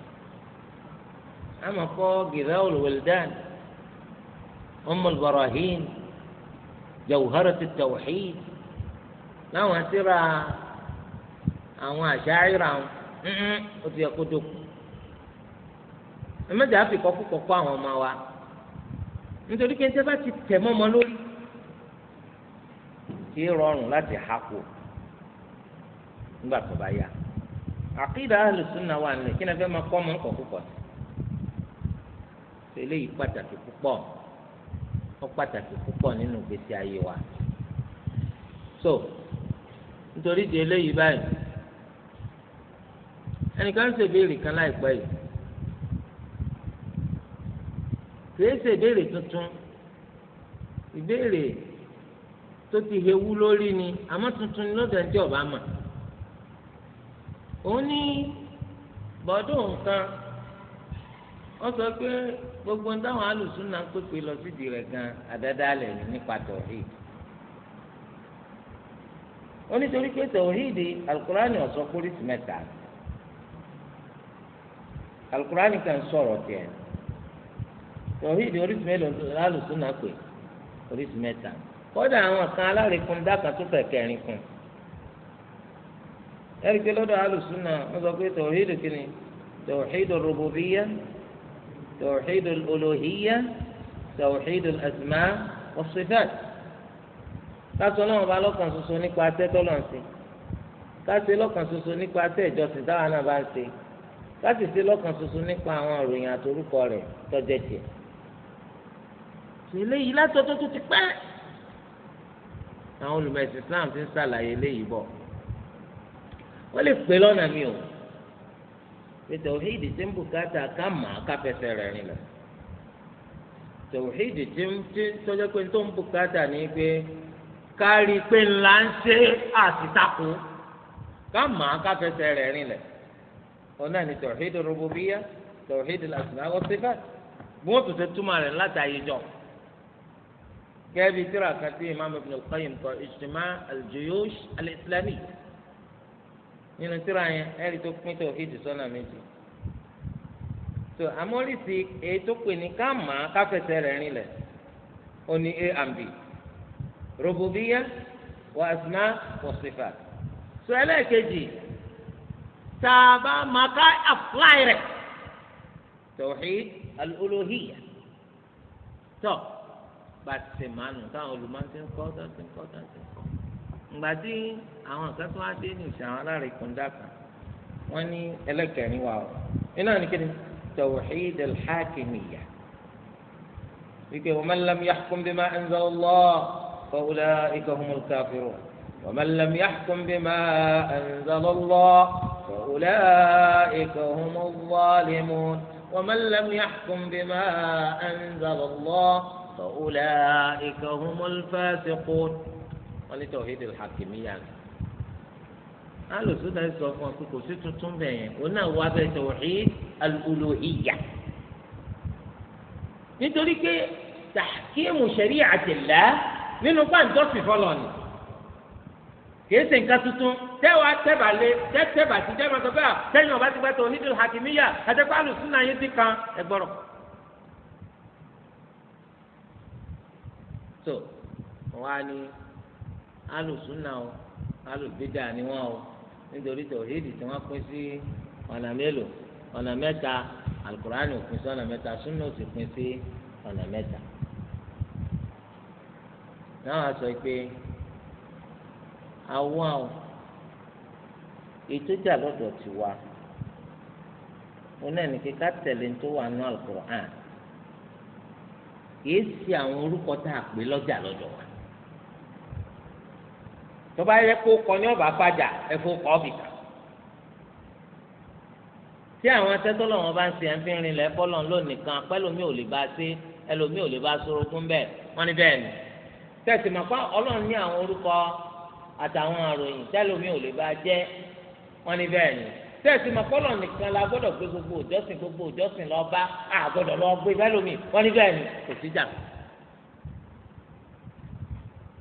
أما فوق غذاء الولدان أم البراهين جوهرة التوحيد láwọn síra àwọn àṣàyíra ń ó ti yẹ kó dókun ẹmẹjọ àfi kọkú kọkọ àwọn ọmọ wa nítorí pé níta bá ti tẹ mọmọ lórí kí rọrùn láti ha kù nígbà tó bá yá àkídà eléyìí pàtàkì púpọ̀ ó pàtàkì púpọ̀ nínú gbèsè ayé wa so nítorí di eléyìí báyìí ẹnìkan ń ṣèbéèrè kan láìpẹ́ yìí kìí ṣèbéèrè tuntun ìbéèrè tó ti hewu lórí ni àmọ́ tuntun ni lọ́dọ̀ ẹni wọ́n sọ pé gbogbo táwọn alùsùn náà ń pèpè lọ sídìí rẹ̀ gan àdádálẹ̀ nípa tọ̀híd onítorí pé tọ̀híd alukurani ọ̀sọ́ pólísì mẹ́ta alukurani kan sọ̀rọ̀ tiẹ̀ tọ̀híd oríṣi mẹ́lẹ̀ alùsùn náà pè oríṣi mẹ́ta kọ́dà àwọn kan alárìkún dákan tó fẹ̀ kẹrin kún ẹ̀rí pé lọ́dọ̀ alùsùn náà wọ́n sọ pé توحيد الألوهية توحيد الأسماء والصفات kásán náà bá lọ́kàn ṣoṣo nípa atẹ́ tọ́lọ̀ ń ṣe kásán lọ́kàn ṣoṣo nípa atẹ́ ìjọsìn táwa náà bá ń ṣe kásì sí lọ́kàn ṣoṣo nípa àwọn àròyìn àtorúkọ rẹ̀ tọ́jẹ́ tiẹ̀. ṣèlè yìí látọ̀tọ̀ tó ti pẹ́. àwọn olùmọ̀ ẹ̀sìn Islam ti ń ṣàlàyé léyìí bọ̀ wọ́n lè pè lọ́nà mi o pé tòwíìdì tí ń bùkátà ká mà á ká fẹsẹ̀ rẹ̀ rìn lọ. tòwíìdì tí ń tí tọ́jọ́ pé tó ń bùkátà ní pé kárí pé ńlá ń ṣe àtìtakù ká mà ká fẹsẹ̀ rẹ̀ rìn lọ. ọ̀nà ni tòwíìdì rúbùbíyà tòwíìdì làṣìlá ọ̀sẹ̀fẹ̀ bí wọ́n tún ṣe túmọ̀ rẹ̀ látàyè jọ. gẹ́gẹ́ bí tíra kan tí imáàmù Ibn al-Qayyim kọ Ijtima' al-Juyush nínú tíra yẹn ẹ̀rí tó pín tó fi méjì so amọ́lìsì èyí tó pè ní ká mà á ká fẹsẹ̀ rẹ̀ rinlẹ̀ ó ní a and b rububiya wa asma wa sifat so ẹlẹ́ẹ̀kejì tá a bá máa ká apply rẹ̀ tawhid al-uluhiyya tọ́ bàtìmánu táwọn olùmọ̀ ti ń kọ́ tó ti ń kọ́ tó ti ń kọ́ ǹgbà tí. àwọn kan tó wáá dé ní ìṣẹ àwọn alárèkúndà kan wọ́n ní ẹlẹ́kẹ̀rin wà ó iná ní kíni tawhid al-hakimiyya wípé wa man lam yahkum bima anzal Allah fa ulaika humul kafirun wa man lam yahkum bima anzal Allah fa ulaika humuz zalimun wa man lam yahkum bima anzal Allah fa ulaika humul fasiqun wọ́n ní tawhid al-hakimiyya ni. alùsùn náà sọ fún ọ pé kò sí tuntun bẹ́ẹ̀ yẹn òun náà wá bẹ́ẹ̀ tauhid al-uluhiyyah nítorí pé tahkimu shari'atillah nínú pàǹtọ́sì fọlọ́ ni kìí ṣe nǹkan tuntun tẹ́wà tẹ́bà lé tẹ́tẹ́bà sí tẹ́bà sọ pé tẹ́yìn ọba ti gbà tó onídìrí hakimiya àtẹ́kọ́ alùsùn náà yín ti kan ẹgbọ́rọ̀. so wọ́n á ní alùsùn náà alùbídà ni wọ́n o nítorí tòhídì tí wọ́n pín sí ọ̀nà mélòó ọ̀nà mẹ́ta alukur'ani ò pín sí ọ̀nà mẹ́ta súnà ò sì pín sí ọ̀nà mẹ́ta. náà sọ pé àwa o ìtújà lọ́dọ̀ ti wá onáà ní kíkà tẹ̀lé tó wà nù alukur'an kì í àwọn orúkọ tá a pè lọ́jà lọ́dọ̀ wa tọba yẹ kó kọ ní ọba fàjà ẹfọ kọ bìkà tí àwọn atẹ́tọ́lọ̀ wọn bá ń ṣe ẹ̀fín rin lẹ́ fọ́lọ̀ lónìí kan pẹ́lòmí ò lè bá ṣe ẹlòmí ò lè bá sorogún bẹ́ẹ̀ wọ́n ní bẹ́ẹ̀ ni tẹ̀sí mọ̀ pé ọlọ́run ní àwọn orúkọ àtàwọn àròyìn tẹ́lòmí ò lè bá jẹ́ wọ́n ní bẹ́ẹ̀ ni tẹ̀sí mọ̀ pé ọlọ́run nìkan la gbọ́dọ̀ gbé gbogbo òjọ́sìn gbogbo òjọ́sìn lọ́ọ́ bá àgọ́dọ̀ lọ́ọ́ gbé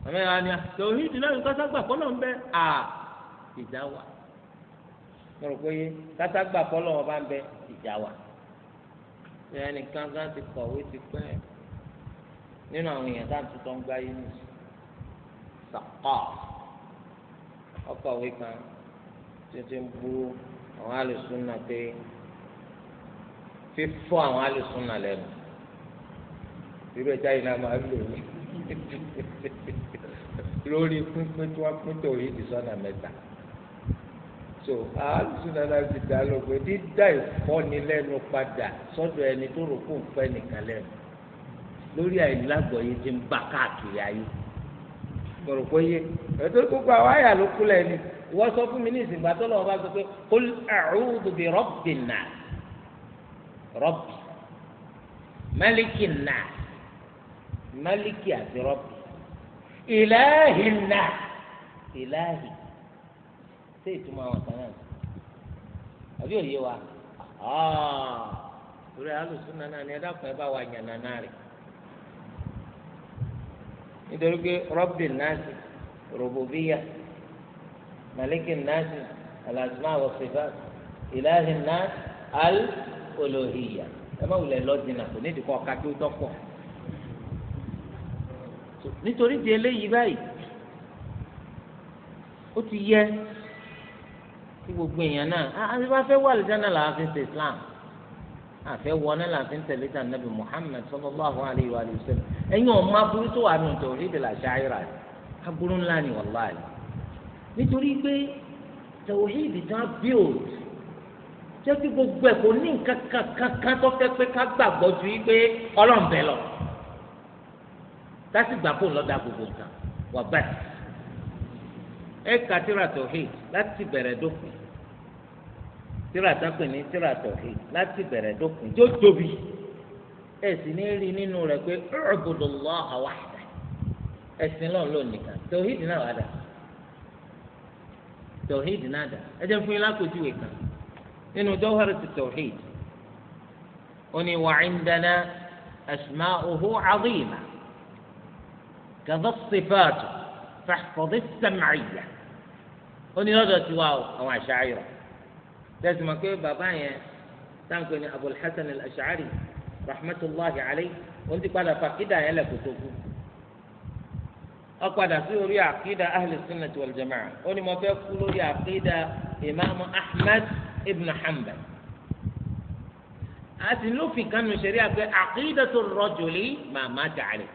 àmì àní àtòhí ìdílé àwọn káságbà kọ́ náà ń bẹ à ìjà wà mo rò pé káságbà kọ́ náà bá ń bẹ ìjà wà ẹnì kankan ti kọ̀wé ti pẹ́ nínú àwọn èèyàn tá à ń tuntun gbá yé nì sàkọ́ ọkọ̀wé kan tuntun bu àwọn alùsùn náà pé fífọ́ àwọn alùsùn náà lẹ́nu irú ẹja yìí náà máa ń lò ní lórí pínpín tí wọ́n pín tòrí ìsọ̀nà mẹ́ta so alùsùnàdà ti dà lóògbé dídá ìfọ́nilẹ́nu padà sọ́dọ̀ ẹni tó rò kó nfẹ́ nìkan lẹ́nu lórí àìlágbọ̀yé ti ń bá káàkiri ayé gbọ̀rọ̀ pé yé ètò gbogbo àwọn àyà ló kú lẹ́ni wọ́n sọ fún mi ní ìsìngbà tó lọ́wọ́ bá sọ pé qul a'udhu bi rabbin nas rabbi malikin nas málíkì àti rọ́bì ìlàhìnà ìlàhì ṣé ìtumọ̀ àwọn kan náà àbí òye wa torí alùsùn náà ni ẹ̀dá kan ẹ bá wa yànnà náà rè nítorí pé rọ́bì nàásì rògbòbíyà málíkì nàásì alàzùmá wa sifat ìlàhìnà al olóhìyà ẹ má wulẹ̀ lọ́dínà kò ní ìdíkọ̀ ọ̀ka tó tọ́kọ̀ nítorí di eléyìí báyìí ó ti yẹ kí gbogbo èèyàn náà àti bá fẹ́ wà lìjánà làá fi ṣe Islam àfẹ́ wọná làá fi ń tẹ̀lé tà nàbì Muhammad sallallahu alayhi wa sallam ẹ̀yin ọ̀ma burú tó wà nù tòrí ìdè làṣà ayéra rẹ̀ aburú ńlá ni wàláì nítorí pé tòwíìdì tán bíòd jẹ́ kí gbogbo ẹ̀ kò ní nǹkan kankan tó fẹ́ pé ká gbàgbọ́ ju yí pé ọlọ́ọ̀bẹ lọ. tasi gbako loda gbogbo nǹkan wà bẹ́ẹ̀. ẹ ka tíra tọ̀hìn láti bẹ̀rẹ̀ dópin tíra tọ́pẹ̀ ní tíra tọ̀hìn láti bẹ̀rẹ̀ dópin tó tóbi ẹ ní rí nínú rẹ pé u'budullaha wahda ẹ̀sìn lọ́n ló nìkan tọ̀hìn náà wà dà tọ̀hìn náà dà ẹ fún yín lákòójúwe kan كذا الصفات فاحفظ السمعية أني هذا واو أو أشعيرة لازم كيف بابايا تنكني أبو الحسن الأشعري رحمة الله عليه وانت قال فاكدا يلا كتبه أقعد أصير عقيدة أهل السنة والجماعة أني ما فيقولوا لي عقيدة إمام أحمد ابن حنبل أتنو في كان من شريعة عقيدة الرجل ما مات عليه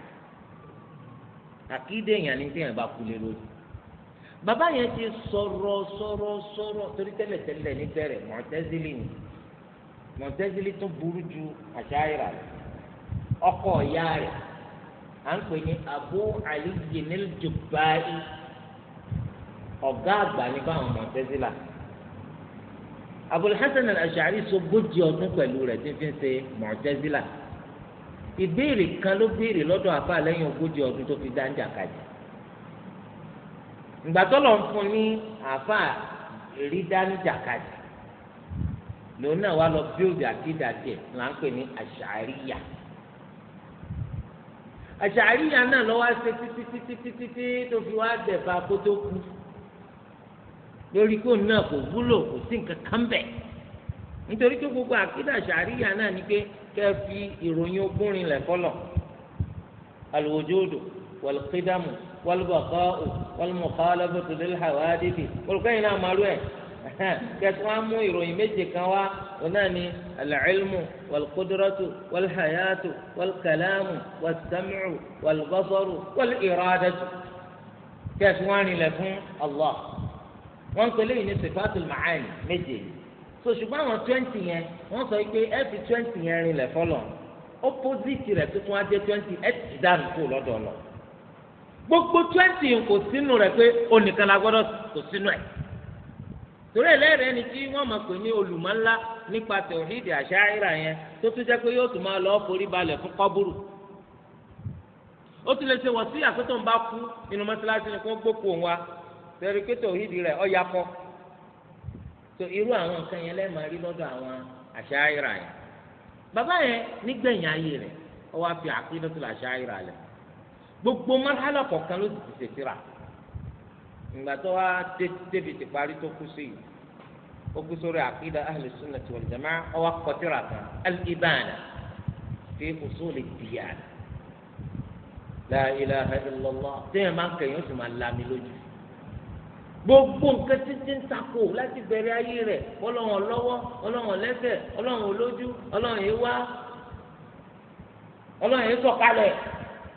àkídé èèyàn ní téèyàn bá kú lé lórí bàbá yẹn ti sọ̀rọ̀ sọ̀rọ̀ sọ̀rọ̀ torí tẹ́lẹ̀tẹ́lẹ̀ níbẹ̀rẹ̀ mọ̀tẹ́sílì ni mọ̀tẹ́sílì tún burú ju àṣàyíra rẹ̀ ọkọ̀ ọ̀yá rẹ̀ à ń pè ní Abu Ali yinil Jubai ọ̀gá àgbà ní báwọn mọ̀tẹ́sílà Abul Hasan al-Ash'ari sọ ogójì ọdún pẹ̀lú rẹ̀ tí fi ń ṣe mọ̀tẹ́sílà. ìbéèrè kan ló béèrè lọ́dọ̀ àbá lẹ́yìn ogójì ọdún tó fi dáńjà kájà ìgbà tó lọ ń fún ní àbá rí dáńjà kájà lòun náà wá lọ bíòdì àkídà tiẹ̀ là ń pè ní àṣàríyà àṣàríyà náà lọ wá ṣe tó fi wá dẹ̀ba kó tó kú lórí kó náà kò wúlò kò sí nǹkan kan bẹ̀ nítorí gbogbo àkídà àṣàríyà náà ni kẹ́ fi ìròyìn ogúnrin lẹ̀ fọlọ̀ alwujudu walqidamu walbaqa'u walmukhalafatu lilhawadithi olùkọ́yìn náà máa lú ẹ̀ kẹ́tù wọn mú ìròyìn méje kan wá wọn náà ní alcilmu walqudratu walhayatu walkalamu walsamcu walbasaru waliradatu kẹ́tù wọn rìnlẹ̀ fún allah wọn kò léyìn ní sifatul macaani méje yìí so ṣùgbọ́n àwọn twenty yẹn wọ́n sọ pé ẹ fi twenty yẹn rinlẹ̀ fọlọ̀ opposite rẹ̀ tó tún á jẹ́ twenty ẹ ti dànù kó lọ́dọ̀ lọ gbogbo twenty kò sínú rẹ̀ pé onìkan la gbọ́dọ̀ kò sínú ẹ̀ torí ẹlẹ́rìí ẹni tí wọ́n máa pè ní olùmọ̀ńlá nípa tẹ̀wọ́lídìí àṣàyíra yẹn tó tún jẹ́ pé yóò tún máa lọ forí balẹ̀ fún kọ́búrù ó tún lè ṣe wọ̀ sí àpótò ń bá kú inú mọ́ṣáláṣí ni kó gbókòó wa tẹ̀rí pé tẹ̀wọ́lídìí rẹ̀ ọ̀ yakọ́ so irú àwọn nǹkan yẹn lẹ́ẹ̀ máa rí lọ́dọ̀ àwọn àṣàyíra yẹn bàbá yẹn nígbẹ̀yìn ayé rẹ̀ ó wá fi àkídọ́tò àṣàyíra lẹ̀ gbogbo marhala kọ̀ọ̀kan ló sì ti ṣe síra ìgbà tó wá débi ti parí tó kú sí yìí ó kú sórí àkídà ahlu sunnati wal jamaa ó wá kọ tírà kan al-ibana fi usuli diyana la ilaha illallah téèyàn máa ń kẹyìn ó sì máa lami lójú gbogbo nǹkan títí ń takò láti bẹ̀rẹ̀ ayé rẹ̀ ọlọ́run lọ́wọ́ ọlọ́run lẹ́sẹ̀ ọlọ́run olójú ọlọ́run yìí wá ọlọ́run yìí sọ̀kalẹ̀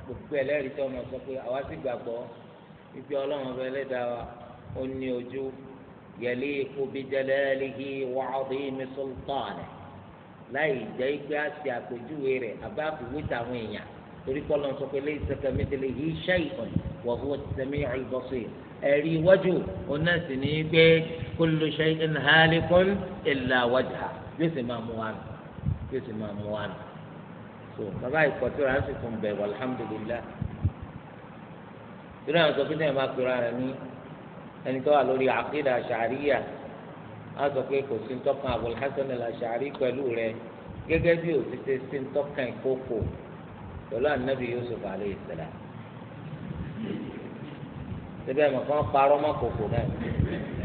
gbogbo ẹlẹ́rìí tí ọmọ sọ pé àwa sì gbàgbọ́ ibi ọlọ́run ọba ẹlẹ́dàá wa ó ní ojú yaliqu bi jalalihi wa azimi sultanihi láì jẹ́ pé a ṣe àpèjúwe rẹ̀ àbá àfiwé táwọn èèyàn torí kọ́ lọ́n sọ pé laysa kamithlihi shay'un wa huwa as-sami'ul basir ẹ̀rí wájú ọ̀nà sì ní pé kullu shay'in halikun illa wajha yóò sì máa mú wa nù yóò sì máa mú wa nù. so bàbá ìkọ̀tìrà ń sì tún bẹ̀ wà alhamdulillah. torí àwọn sọ pé sẹ́yìn máa pera rẹ̀ ní ẹni tó wà lórí àkídà àṣàríyà á sọ pé kò sí ntọ́kan Abul Hasan al pẹ̀lú rẹ̀ gẹ́gẹ́ bí òsì sí ntọ́kan ìkókò pẹ̀lú ànábì Yusuf alayhi salam síbẹ̀ mọ̀ kàn parọ́ mọ́ kòkò náà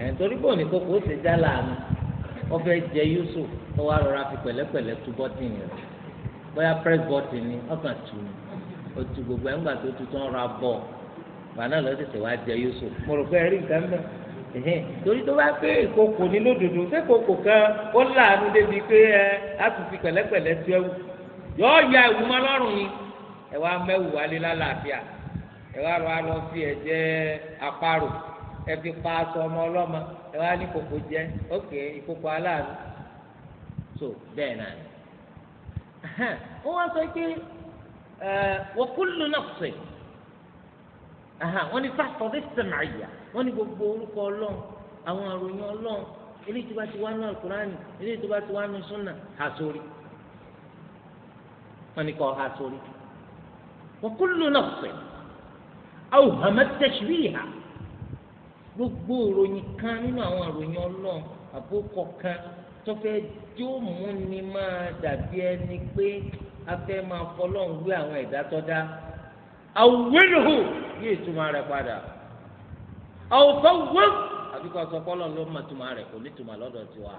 ẹ̀ torí bò ní kòkò ó ṣe já láàánú wọ́n fẹ́ jẹ Yusuf tó wá rọra fi pẹ̀lẹ́pẹ̀lẹ́ tú bọ́tìnì rẹ̀ bóyá press bọ́tìnì ọkàn tù ní o tu gbogbo ẹ̀ ńgbà tó tutù ọ̀rọ̀ abọ́ bàánà lọ tètè wá jẹ Yusuf mo rò pé ẹ rí nǹkan mẹ́ torí tó bá pé ìkòkò ní lódodo ṣé kòkò kan ó láàánú débi pé ẹ á tún fi pẹ̀lẹ́pẹ̀lẹ́ tú ẹ̀wù yọ̀ọ́ ya ẹ̀wù mọ́ lọ́rùn ni ẹ̀ wá mẹ́wù wálé lálàáfíà ẹ wá lọ alọ fi ẹ̀jẹ̀ àparò ẹ fi pa aṣọ ọmọ ọlọ́mọ ẹ wá ní kòkò jẹ ókè ìkòkò aláàánú tó bẹ́ẹ̀ náà ni. ó wá sọ pé wa kullu nafsi wọ́n ní sáfọ̀ bí sẹ̀máyà wọ́n ní gbogbo orúkọ ọlọ́run àwọn àròyìn ọlọ́run eléyìí tó bá ti wá ní alukurani eléyìí tó bá ti wá ní sunna ha sórí wọ́n ní kọ́ ha sórí wa kullu nafsi. awhamat tashbiha gbogbo ìròyìn kan nínú àwọn ìròyìn ọlọ́run àbókọ kan tó fẹ́ jó ni máa dàbí ẹni pé a fẹ́ máa fọlọ́run wé àwọn ẹ̀dá tó dá awwilhu yí ìtumọ̀ rẹ̀ padà awfawwid àbí kò sọ fọlọ́n ló ma tiwa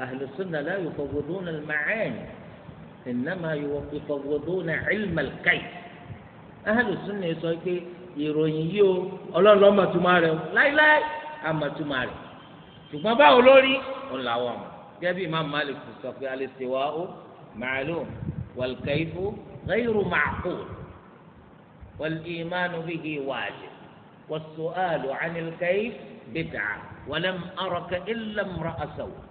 أهل السنة لا يفوضون المعاني إنما يفوضون علم الكيف أهل السنة يسويكي يرويو الله لما تماري لا لا أما تماري ثم باو لوري قل لعوام كابي إمام مالك في الاستواء معلوم والكيف غير معقول والإيمان به واجب والسؤال عن الكيف بدعة ولم أرك إلا امرأ سوء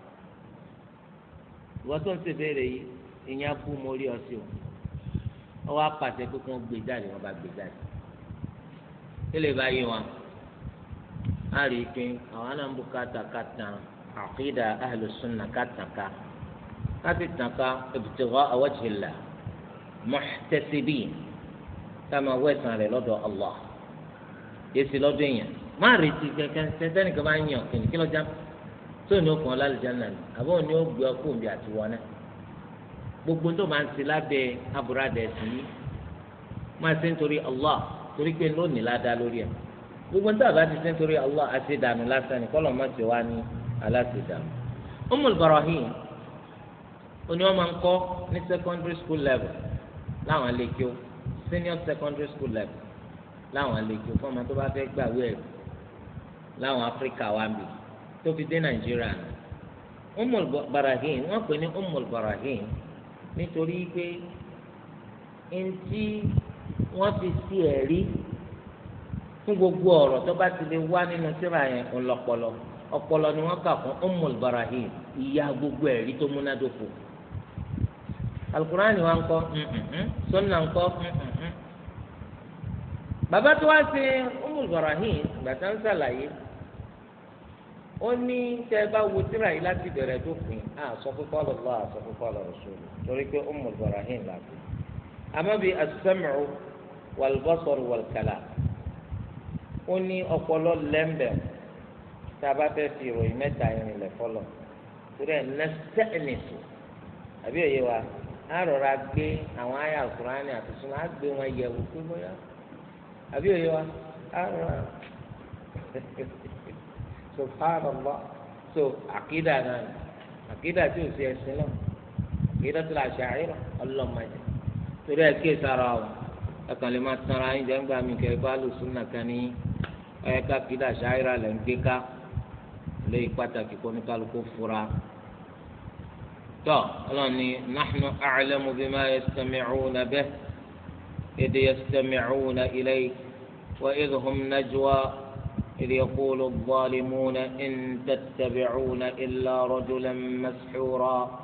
ìwọ́n tó ń ṣe béèrè yìí ìyẹn kú mo rí ọ sí o wọ́n wá pàṣẹ pé kí wọ́n gbé jáde wọ́n bá gbé jáde kí lè bá yé wọn a rí i pé àwọn anáàbò kàtà kàtà àkídà ahlùsùnà kàtà ká láti tàn ká ibtigha wajhillah muhtasibin táwọn wẹ̀sán rẹ̀ lọ́dọ̀ Allah yẹ́sì lọ́dọ̀ èèyàn má retí kankan sẹ́ńtẹ́nì kan bá ń yàn kìnnìkì lọ́jà tóun ní òkun ọlálùjáná ni àbọ̀ ni ó gbé ọkùn bí àtiwọ́ náà gbogbo tó máa ń ṣe lábẹ́ aburada ẹ̀sìn yìí máa ṣe nítorí Allah torí pé lónìí ládàá lórí ẹ̀ gbogbo tó àbá ti ṣe nítorí Allah àṣedànù lásán ni kọ́lọ̀ má ti wá ní aláṣedànù. Ummul Barahim ó ní máa ń kọ́ ní secondary school level láwọn àlejò senior secondary school level láwọn àlejò fún ọmọ tó bá fẹ́ gbàwé ẹ̀ láwọn Áfíríkà wa ń tó fi dé nàìjíríà Ummul Barahin wọ́n pè ní Ummul Barahin nítorí pé ntí wọ́n fi sí ẹ̀rí fún gbogbo ọ̀rọ̀ tó bá ti lè wá nínú síra yẹn ọlọ́pọlọ ọpọlọ ni wọ́n kà fún Ummul Barahin ìyá gbogbo ẹ̀rí tó múnádóko alukurani wa ńkọ́ mm, mm, mm. sunna ńkọ́ bàbá tó wá sí Ummul Barahin gbàtà ń sàlàyé ó ní tẹ bá wo tíra yìí láti bẹ̀rẹ̀ dópin à sọ pé kọ́ lọ́lọ́ à sọ pé kọ́ lọ́rọ̀ sóòlù torí pé ó umm mọ̀ ibrahim làbí. àmọ́ bíi as-sam'u wal-basaru wal-kalam ó ní ọpọlọ lẹ́ńbẹ̀ tá a bá fẹ́ fi ìròyìn mẹ́ta irin lẹ̀ fọlọ̀ torí ẹ̀ nẹ́sẹ̀ẹ̀nìsì àbí òye wa á rọra gbé àwọn àyà Kùránì àti á gbé wọn yẹ̀wò pé bóyá àbí òye wa á rọra. subhanallah so àkídà náà àkídà tí ò sí ẹsẹ̀ náà àkídà tó la ṣàìrọ̀ ọlọ́mọdé torí ẹ kíyè sára o ẹkàn lè máa tanra yín jẹ́ ńgbà mí kẹ́ ẹ bá lù sún nàkan ní ẹ̀ka àkídà ṣàìrọ̀ lẹ́ ń gbé ká lé pàtàkì kó ní kálukú fura tọ́ ọlọ́ni nahnu a'lamu bima yastami'una bihi idh yastami'una ilayhi wa idh hum najwa. إذ يقول الظالمون إن تتبعون إلا رجلا مسحورا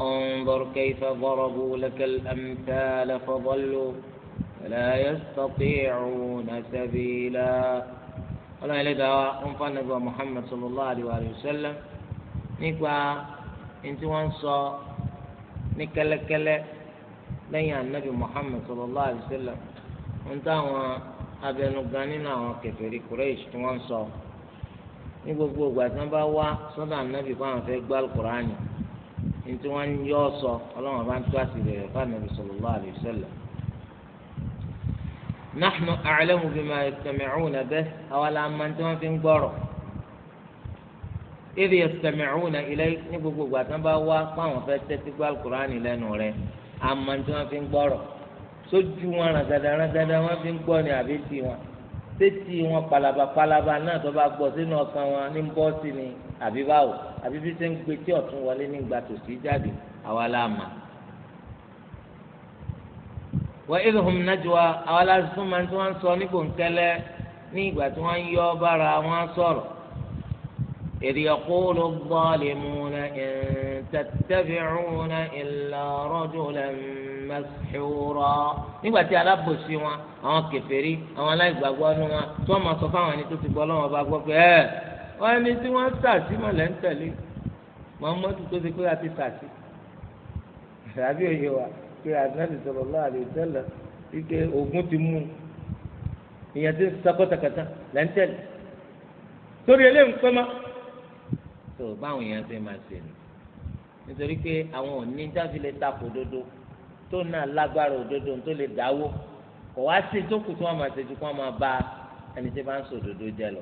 انظر كيف ضربوا لك الأمثال فضلوا فلا يستطيعون سبيلا ولا إلى أنفان أنفع محمد صلى الله عليه وآله وسلم نكوى أنت وانصى نكلكلة لين النبي محمد صلى الله عليه وسلم وانت abẹnugan nínú àwọn kèfèrí Quraysh tí wọ́n ń sọ ní gbogbo ìgbà tí wọ́n bá wá sọ́dọ̀ ànábì fún àwọn fẹ́ gbá alukurani ní tí wọ́n yọ ọ sọ ọlọ́run bá ń tó àṣírí rẹ̀ fún ànábì sallallahu alaihi wasallam. nahnu a'lamu bima yastami'una bihi àwa la máa tí wọ́n fi ń gbọ́rọ̀ idh yastami'una ilayhi ní gbogbo ìgbà tí wọ́n bá wá fún àwọn fẹ́ tẹ́tí gbá alukurani lẹ́nu rẹ̀ àmọ́ tí wọ́n fi ń gbọ́rọ̀ sójú wọn ràgàdà ràgàdà wọn fi ń gbọ́ ni àbí ti wọn sétí wọn palaba palaba náà tó bá gbọ́ sínú ọkàn wọn ní bọ́ọ̀sì ni àbí báwo àbí bí sẹ́ ń gbé tí ọ̀tún wọlé nígbà tòsí jáde àwa la mà. wa idhum najwa àwa la sún máa tí wọ́n ń sọ ní bòńkẹ́lẹ́ ní ìgbà tí wọ́n ń yọ bára wọn sọ̀rọ̀. إذ يقول الظالمون إن تتبعون إلا رجلا مسحورا nígbà tí alábòsí wọn àwọn kèfèrí àwọn aláìgbàgbọ́ ní wọn tí wọ́n máa sọ fáwọn ẹni tó ti gbọ́ lọ́wọ́ bá gbọ́ pé ẹ wọ́n ẹni tí wọ́n ń tà sí mọ̀lẹ́ ń tẹ̀lé Muhammadu tó ti pé a ti tà sí àbí òye wa pé àdínàbì sọ̀rọ̀ lọ́wọ́ àlè tẹ́lẹ̀ wípé ogun ti mú ìyẹn ti ń sakọ́tàkàtà lẹ́ńtẹ̀lẹ̀ torí eléyìí ń pẹ́ máa. tó báwọn èèyàn ṣe máa ṣe nù nítorí pé àwọn òní jáfi lè takò òdodo tó náà lágbára òdodo tó lè dáwó kò wá sí tó tí wọ́n máa ṣe ju kí wọ́n máa bá ẹni tí bá ń sọ òdodo jẹ lọ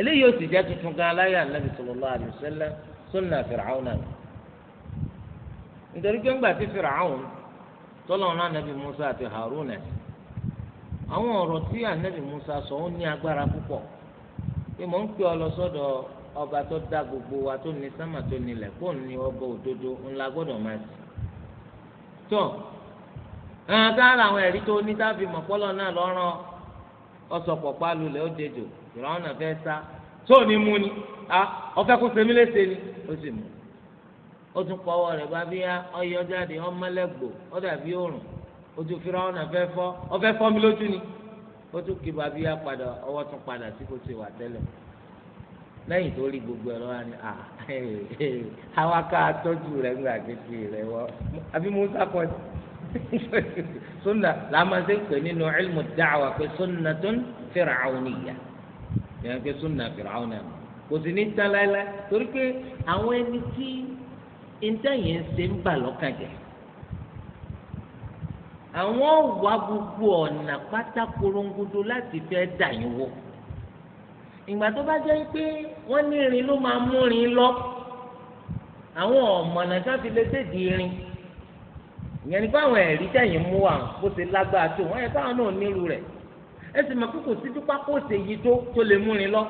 eléyìí ò sì jẹ́ tuntun gan aláyé Musa àti Haruna àwọn ọ̀rọ̀ tí Musa sọ ó ní agbára púpọ̀ ọba tó dá gbogbo wa tó ní sámà tó nílẹ̀ fóun ní ọba òdodo ńlá gbọ́dọ̀ máa sì. tó ẹ̀hán ká làwọn ẹ̀rí tó ní tábì mọ̀pọ́lọ́ náà lọ́rùn ọ̀sọ̀pọ̀ pálulẹ̀ ó dejò náà fẹ́ sá tó ní mú ni ọ̀fẹ́ kó ṣe mí léṣe ni ó sì mú. ó tún kọ́ ọwọ́ rẹ̀ bá bí ọyọ jáde ọmọlẹ́gbò ó dàbí òrùn ojú fìrọ̀rùn náà fẹ́ fọ́ ọfẹ́ fọ́ mi lójú lẹ́yìn tó rí gbogbo ẹ̀rọ wa ni ah, àwa ká tọ́jú rẹ̀ ńgbà kékeré rẹ̀ wọ́ àbí musa kọ́ sunna làmásẹ́ pé nínú ilmu da'wa pé sunnatun fir'auniyya yẹn pé sunna fir'auniyya kò sì ní tán láéláé torí pé àwọn ẹni tí ìtẹ̀yìn ń ṣe ń bà lọ́kàn jẹ́ àwọn wà gbogbo ọ̀nà pátákó rongodo láti fẹ́ dà yín wọ́ ìgbà tó bá jẹ́ pé wọ́n ní irin ló máa mú irin lọ àwọn ọ̀mọ̀nà tí wọ́n fi lè tèdí irin ìyẹn ni pé àwọn ẹ̀rí tẹ̀yìn mú wa bó ṣe lágbára tó wọ́n yẹ káwọn náà nílùú rẹ̀ ẹ sì mọ̀ pé kò sí dúpá kó ṣe yí tó tó lè mú irin lọ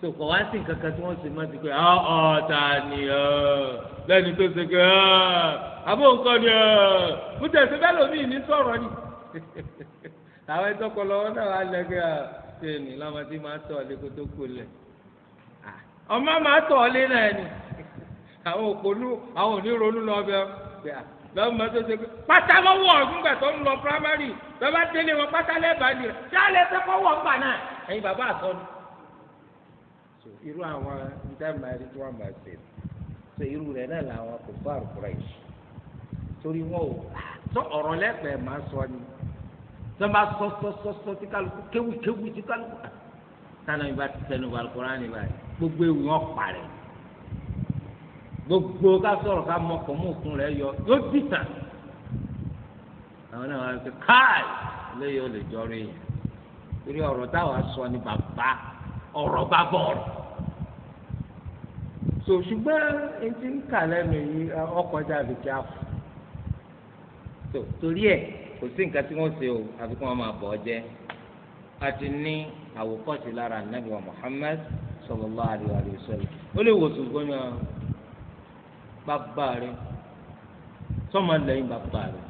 tó kọ̀ wá sí nǹkan kan tí wọ́n ṣe máa ti pé ọ̀ ta ni ọ̀ lẹ́ni tó ṣe pé ọ̀ àbó nǹkan ni ọ̀ mo tẹ̀sí bẹ́ẹ̀ lómi ní sọ̀rọ̀ ni àwọn tẹ́ẹ̀nì lọ́mọdé máa tọ̀ ọ́lé kó tó kú lẹ̀ ọmọ máa tọ̀ ọ́lé náà ni àwọn òpònú àwọn onírònú lọ bẹ lọ́mọ tó ṣe pé pátá ló wọ̀ nígbà tó ń lọ primary bàbá délé wọn pátá lẹ́bàá ni rẹ̀ ṣé alẹ́ fẹ́ kọ́ wọ̀ ńgbà náà ẹ̀yin bàbá àtọ́nu. irú àwọn ìdáàmà rí tí wọ́n máa ṣe ṣe irú rẹ̀ náà làwọn kò fọ́ àrùkùrẹ́ yìí torí wọn ò tó ọ̀rọ̀ lẹ́pẹ̀ẹ́ máa sọ ni tó bá sọ sọ sọ sọ tí kálukú kéwù kéwù tí kálukú tánà ìbá ti sẹnu bá alukóra ni báyìí gbogbo ewu wọn parẹ gbogbo ká sọ̀rọ̀ ká mọ kọmọ òkun rẹ yọ yóò dì tàn àwọn náà wọn á fi káì lẹ́yìn olè jọrọ èèyàn torí ọ̀rọ̀ táwa sọ ni bàbá ọ̀rọ̀ bá bọ ọ̀rọ̀ so ṣùgbọ́n etí ń kà lẹ́nu yìí ọkọ̀ jáde kí a fò so torí ẹ̀ kò sí nǹkan tí wọ́n ṣe o àfi kí wọ́n máa bọ̀ ọ́ jẹ́ a ti ní àwòkọ́sí lára anabi wa Muhammad sallallahu alaihi wa sallam ó lè wò sùn gbọ́nà bàbá rẹ sọ́mọ lẹ́yìn bàbá rẹ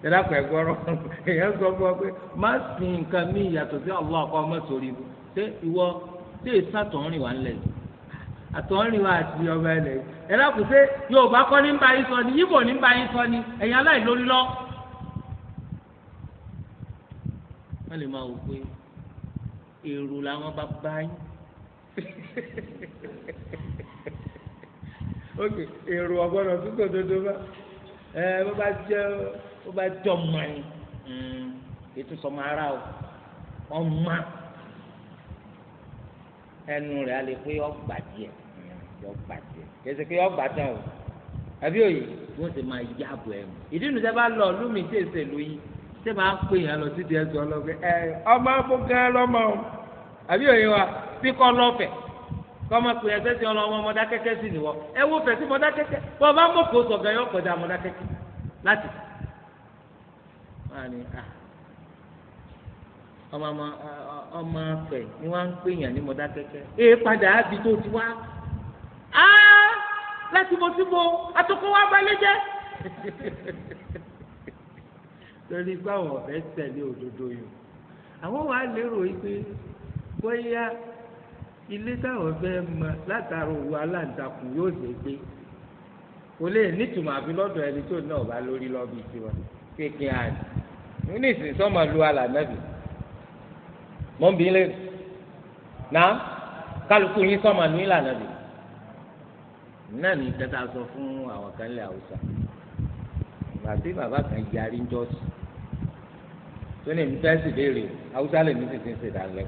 tẹ́lákọ̀ ẹ̀ gbọ́rọ̀ èèyàn sọ fún ọ pé má sin nǹkan mí ìyàtọ̀ sí Allah kọ́ ọmọ sórí ibu ṣé ìwọ ṣé ìsàtọ̀rìn wà ńlẹ̀ àtọ̀rìn wà àti ọmọ ẹ̀ ẹ̀rọ kù ṣé Yorùbá kọ́ ní bá yín sọ ni yíbò ní bá yín sọ ni ẹ̀yin aláìlórí lọ́ọ́. wọ́n lè máa wò pé èrò làwọn bá bá yín ok èrò ọgbọ́dọ̀ tún kò dodo bá ẹ bó bá jẹ bó bá jọ mọ ẹ ètò hmm, sọmọ ara o ọmọ ẹnu rẹ a lè pé ọgbà díẹ̀ hmm, ọgbà díẹ̀ kẹsì pé ọgbà tán o àbí òye wọ́n sì máa yáàbò ẹnu ìdí nu sẹ bá lọ lómi tí lóyún. ṣé máa ń pè yàn lọ sí ìdí ẹsẹ ọlọpẹ ẹ ọmọ afọkẹ lọmọ o àbí òye wa bí kọ lọfẹ kọmọ pè ẹsẹ sí ẹ wo sí yọ láti ah. ọmọ ọmọ afẹ ni wọn ń pè yàn ní padà ábí tó ti wá láti torí pé àwọn ọ̀fẹ́ tẹ̀lé òdodo yìí àwọn wàá lérò yìí pé bóyá ilé táwọn fẹ́ mọ látara òwú aláǹtakùn yóò ṣe gbé kò lè nítumọ̀ àfi lọ́dọ̀ ẹni tó náà bá lórí lọ́bì tiwọn kéèké àná ní ìsìn sọ́mọ lu alànàbì mọ́ bí lè nà kálukú yín sọ́mọ lu ìlànàbì náà ní kẹta sọ fún àwọn kan lè Haúsá àti bàbá kan yarí ń jọ́sìn tó ní ìfẹ́ sì béèrè haúsá lè ní títí ṣe dàlẹ́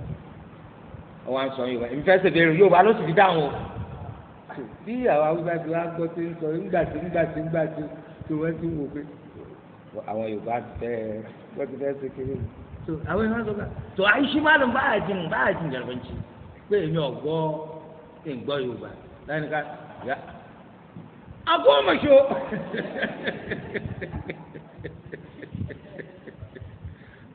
ọ wá ń sọ yorùbá ìfẹ́ sì béèrè yorùbá ló sì fi dáhùn o bí àwọn haúsá ti wá gbọ́ tí ń sọ ńgbà tí ńgbà tí ńgbà tí tí wọ́n ti wò pé àwọn yorùbá fẹ́ wọ́n ti fẹ́ ṣe kéré mi. tó àwọn èèyàn sọ pé tó àìsí má ló ń bá àjìn bá àjìn jàǹbá jì pé èmi ọ̀gbọ́ ìgbọ́ yorùbá láyé ká yá. àgọ́ mọ̀ṣọ́.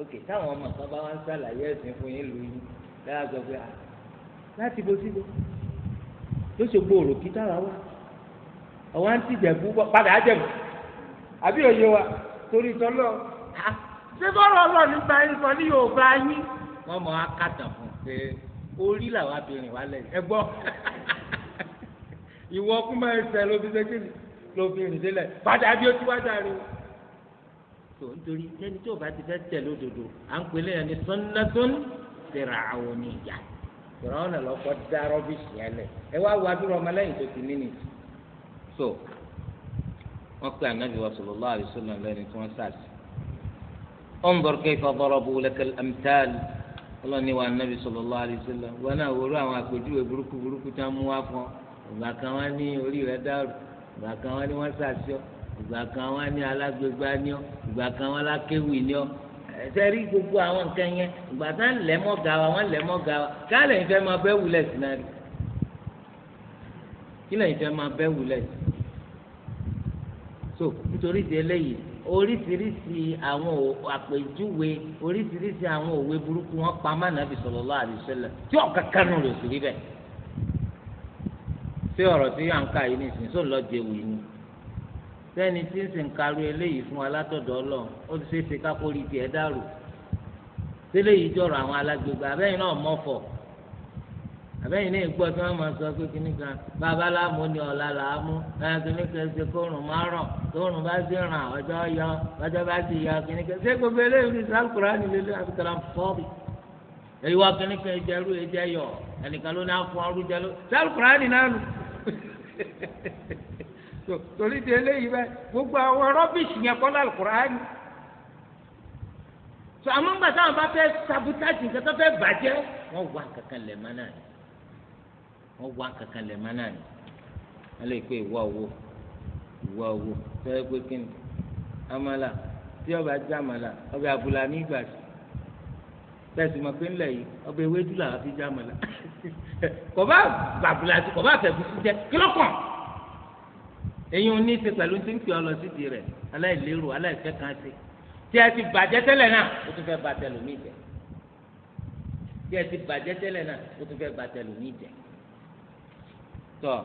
òkè táwọn ọmọ kan bá wá ń sàlàyé ẹ̀sìn fún yín lu yín lẹ́yà sọ pé ah, láti bo síbo yóò ṣe gbòòrò kí táwa wá ọ̀wá ń tìjẹ̀bú padà á jẹ̀bú àbí òye wa torí tọ́lọ́ ah, ṣé bọ́ọ̀rọ̀ ọlọ́ nígbà yín sọ ní Yorùbá yín. wọ́n mọ akátà fún pé orí làwọn abirùn wa lẹ̀ ẹ gbọ́ ìwọ ọkùnrin máa ń sẹ́ lóbi sẹ́kìrì lóbi rìn délẹ̀ padà bí ó ti wá dàrí o tó nítorí jẹ́ni tí ò bá ti fẹ́ tẹ̀ lódodo à ń pè lẹ́yìn ní sunnatun fir'auniyya fìràwọn náà lọ́kọ́ dá rọ́bìṣì yẹn lẹ̀ ẹ wá wá dúró ọmọlẹ́yìn tó ti nínú ìtì. so wọn pe anabi wa sallallahu alaihi wasallam lẹni tí wọn sáàsì. انظر كيف ضربوا لك الأمثال Allah ni wa anabi sallallahu alaihi wasallam wọn náà wọlé àwọn àpèjúwe burúkú burúkú tá a mú wá fún ọ ìgbà ọ ìgbà kan wọn ní alágbègbè ni ọ ìgbà kan wọn lákéwì ni ọ sẹ́rí gbogbo àwọn nǹkan yẹn ìgbà tá ń lẹ̀ mọ́ ga wa wọ́n lẹ̀ mọ́ ga wa ká lẹ́yìn fẹ́ máa bẹ́ wulẹ̀ sí náà rí kí lẹ́yìn fẹ́ máa bẹ́ wulẹ̀ sí. so nítorí ti eléyìí oríṣiríṣi àwọn àpèjúwe oríṣiríṣi àwọn òwe burúkú wọn pa má nàbì sallallahu alaihi wasallam tí ọ̀gá kanú rẹ̀ sì rí bẹ́ẹ̀. ṣé ọ̀rọ̀ tí yàn ń ká yìí nìsín sóun lọ́ọ́ jẹ́ wì ni sẹ́ni tí ń sìn karu eléyìí fún alátọ̀dọ̀ ọlọ́run ó ti ṣe é ṣe kápórí tiẹ̀ dàrú tẹ́lẹ̀ yìí jọ̀rọ̀ àwọn alágbègbè abẹ́yìn náà mọ̀fọ̀ abẹ́yìn náà gbọ́ tí wọ́n máa sọ pé kíní kan bàbá láàmú ni ọ̀la làámú náà kíní kan ṣe kóòrùn márùn tóòrùn bá sì ràn ọjọ́ yọ ọjọ́ bá sì yọ kíní kan ṣé gbogbo eléyìí ní sàkúrà nílé ní àfikàrà fọ́ọ̀bì èyí wá kíní kan ìjẹrú ìjẹyọ ẹnìkan ló ní àfọ̀n rújẹ ló sàkúrà nínú torí de eléyìí bẹ gbogbo àwọn rọbìṣì yẹn kọ́ lálùkùránì tó àmọ́ ńgbà táwọn bá fẹ́ sabotage nǹkan tó fẹ́ bàjẹ́ wọ́n wá kankan lẹ̀ mọ́ náà ni wọ́n wá kankan lẹ̀ mọ́ náà ni wọ́n lè pe owó ìwà owó tó yẹ pé kíni amala tí ọba jẹ amala ọbẹ̀ abúlá ní ìgbà tí tẹsí ma pé ńlẹ̀ yìí ọbẹ̀ ewédú làwọn fi jẹ amala kọba bàbúlá kọba fẹ̀gúsí jẹ kílọ̀kàn èyí ò ní í ṣe pẹ̀lú tí ń pè ọ lọ sídi rẹ̀ aláìlérò aláìfẹ́ kan ṣe tí ẹ ti bàjẹ́ tẹ́lẹ̀ náà ó tún fẹ́ ba tẹlòmíì jẹ́ tí ẹ ti bàjẹ́ tẹ́lẹ̀ náà ó tún fẹ́ ba tẹlòmíì jẹ́ tọ́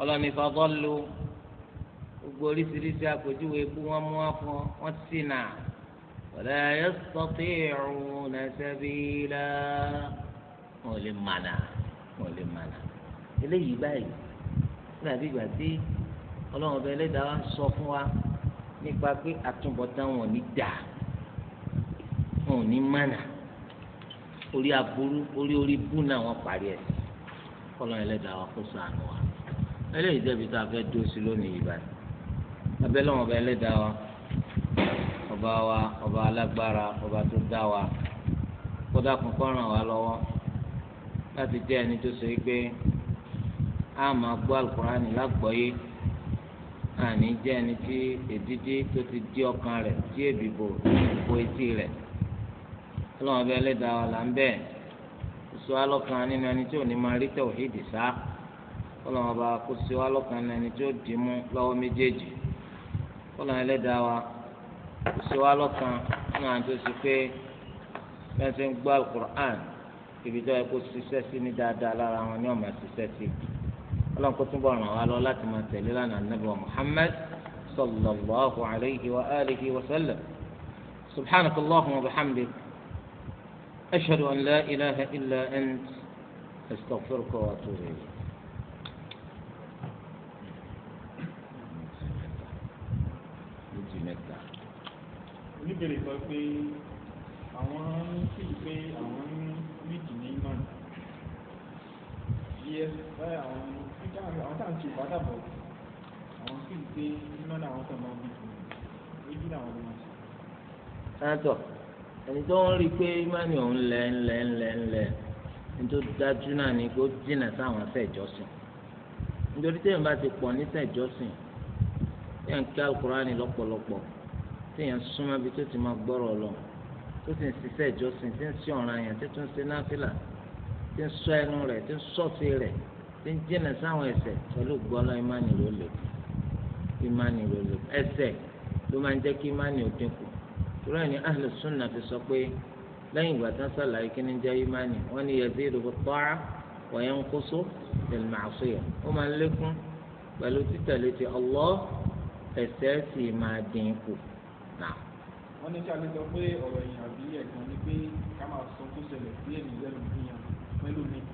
ọlọ́ni fọgọ́lu gbogbo oríṣiríṣi àpèjúwe kú wọ́n mú wọn fún wọn sì nà wala yastati'una sabila wọn ò lè mànà wọn lè mànà eléyìí báyìí ọlọ́run ọba ẹlẹ́dàá wa ń sọ fún wa nípa pé àtúbọ̀tán wọn ní dà wọn ò ní mánà orí aburú orí orí bú náà wọn parí ẹ̀ ọlọ́run ẹlẹ́dàá wa kó ṣàánú wa eléyìí jẹ́bi tá a fẹ́ dúró sí lónìí yìí báyìí abẹ́lẹ́ wọn ọba ẹlẹ́dàá wa ọba wa ọba alágbára ọba tó dá wa kódà kún kó ràn lọ́wọ́ láti jẹ́ ẹni tó ṣe é pé a máa gbọ́ àlùkùránì lágbọ́yé. àní jẹ́ ẹni tí èdídí tó ti di ọkàn rẹ̀ tí èbìbò ìbò etí rẹ̀ ọlọ́run ọbẹ̀ ẹlẹ́dàá wa ń bẹ̀ alọ́kan nínú ẹni tí ò ní máa rí tẹ̀wọ̀hídì sá ọlọ́run ọba alọ́kan nínú ẹni tí ó dì mú lọ́wọ́ méjèèjì ọlọ́run ẹlẹ́dàá wa alọ́kan nínú àwọn tó pé ń gbọ́ ibi tó yẹ kó ṣiṣẹ́ sí ọlọ́run kó túbọ̀ ràn wá lọ láti máa tẹ̀lé lánàá nàbẹ̀ wa muhammad sallallahu alayhi wa alihi wa sallam subhanaka allahumma wa bihamdik ashhadu an la ilaha illa ant astaghfiruka wa atubu ilayk. oníbèrè sọ pé àwọn sì pé àwọn ń ní mọ́ni yíyẹ báyà àwọn àwọn tá à ń ṣe ìbádàbọ̀ àwọn sì ń gbé iná náà àwọn tó máa ń bí ojú náà wọn ló máa ṣe. sátọ̀ ẹni tó ń rí i pé imáni òun lẹ ńlẹ ńlẹ ńlẹ nítorí dájú náà ni kó jìnnà sáwọn afẹ́jọ́sìn nítorí téèyàn bá ti pọ̀ ní sẹ́jọ́sìn téèyàn kí alukurani lọ́pọ̀lọpọ̀ téèyàn súnmọ́ bí tó ti máa gbọ́rọ̀ lọ tó ti ń ṣiṣẹ́ ìjọsìn tí ń ṣe ọ̀ràn yẹn tí tó ń ṣe náfìlà tí ń sọ ẹnu rẹ̀ tí ń sọ́ọ̀tì rẹ̀ tí ń jìnnà sáwọn ẹ̀ṣẹ̀ pẹ̀lú gbọlọ ìmánì ló lè ìmánì ló lè ẹ̀ṣẹ̀ ló máa ń jẹ́ kí ìmánì ò dínkù ìrọ ẹni ahlu sunna fi sọ pé lẹ́yìn ìgbà tán sàlàyé kí ni jẹ́ ìmánì wọn ni yazidu bit-ta'a wa yanqusu bil-ma'siyah ó máa ń lékún pẹ̀lú títẹ̀lé ti Allah ẹ̀ṣẹ̀ sì máa dínkù náà wọ́n ní sáré sọ pé ọ̀rọ̀ èèyàn àbí ẹ̀gbọ́n ni pé ká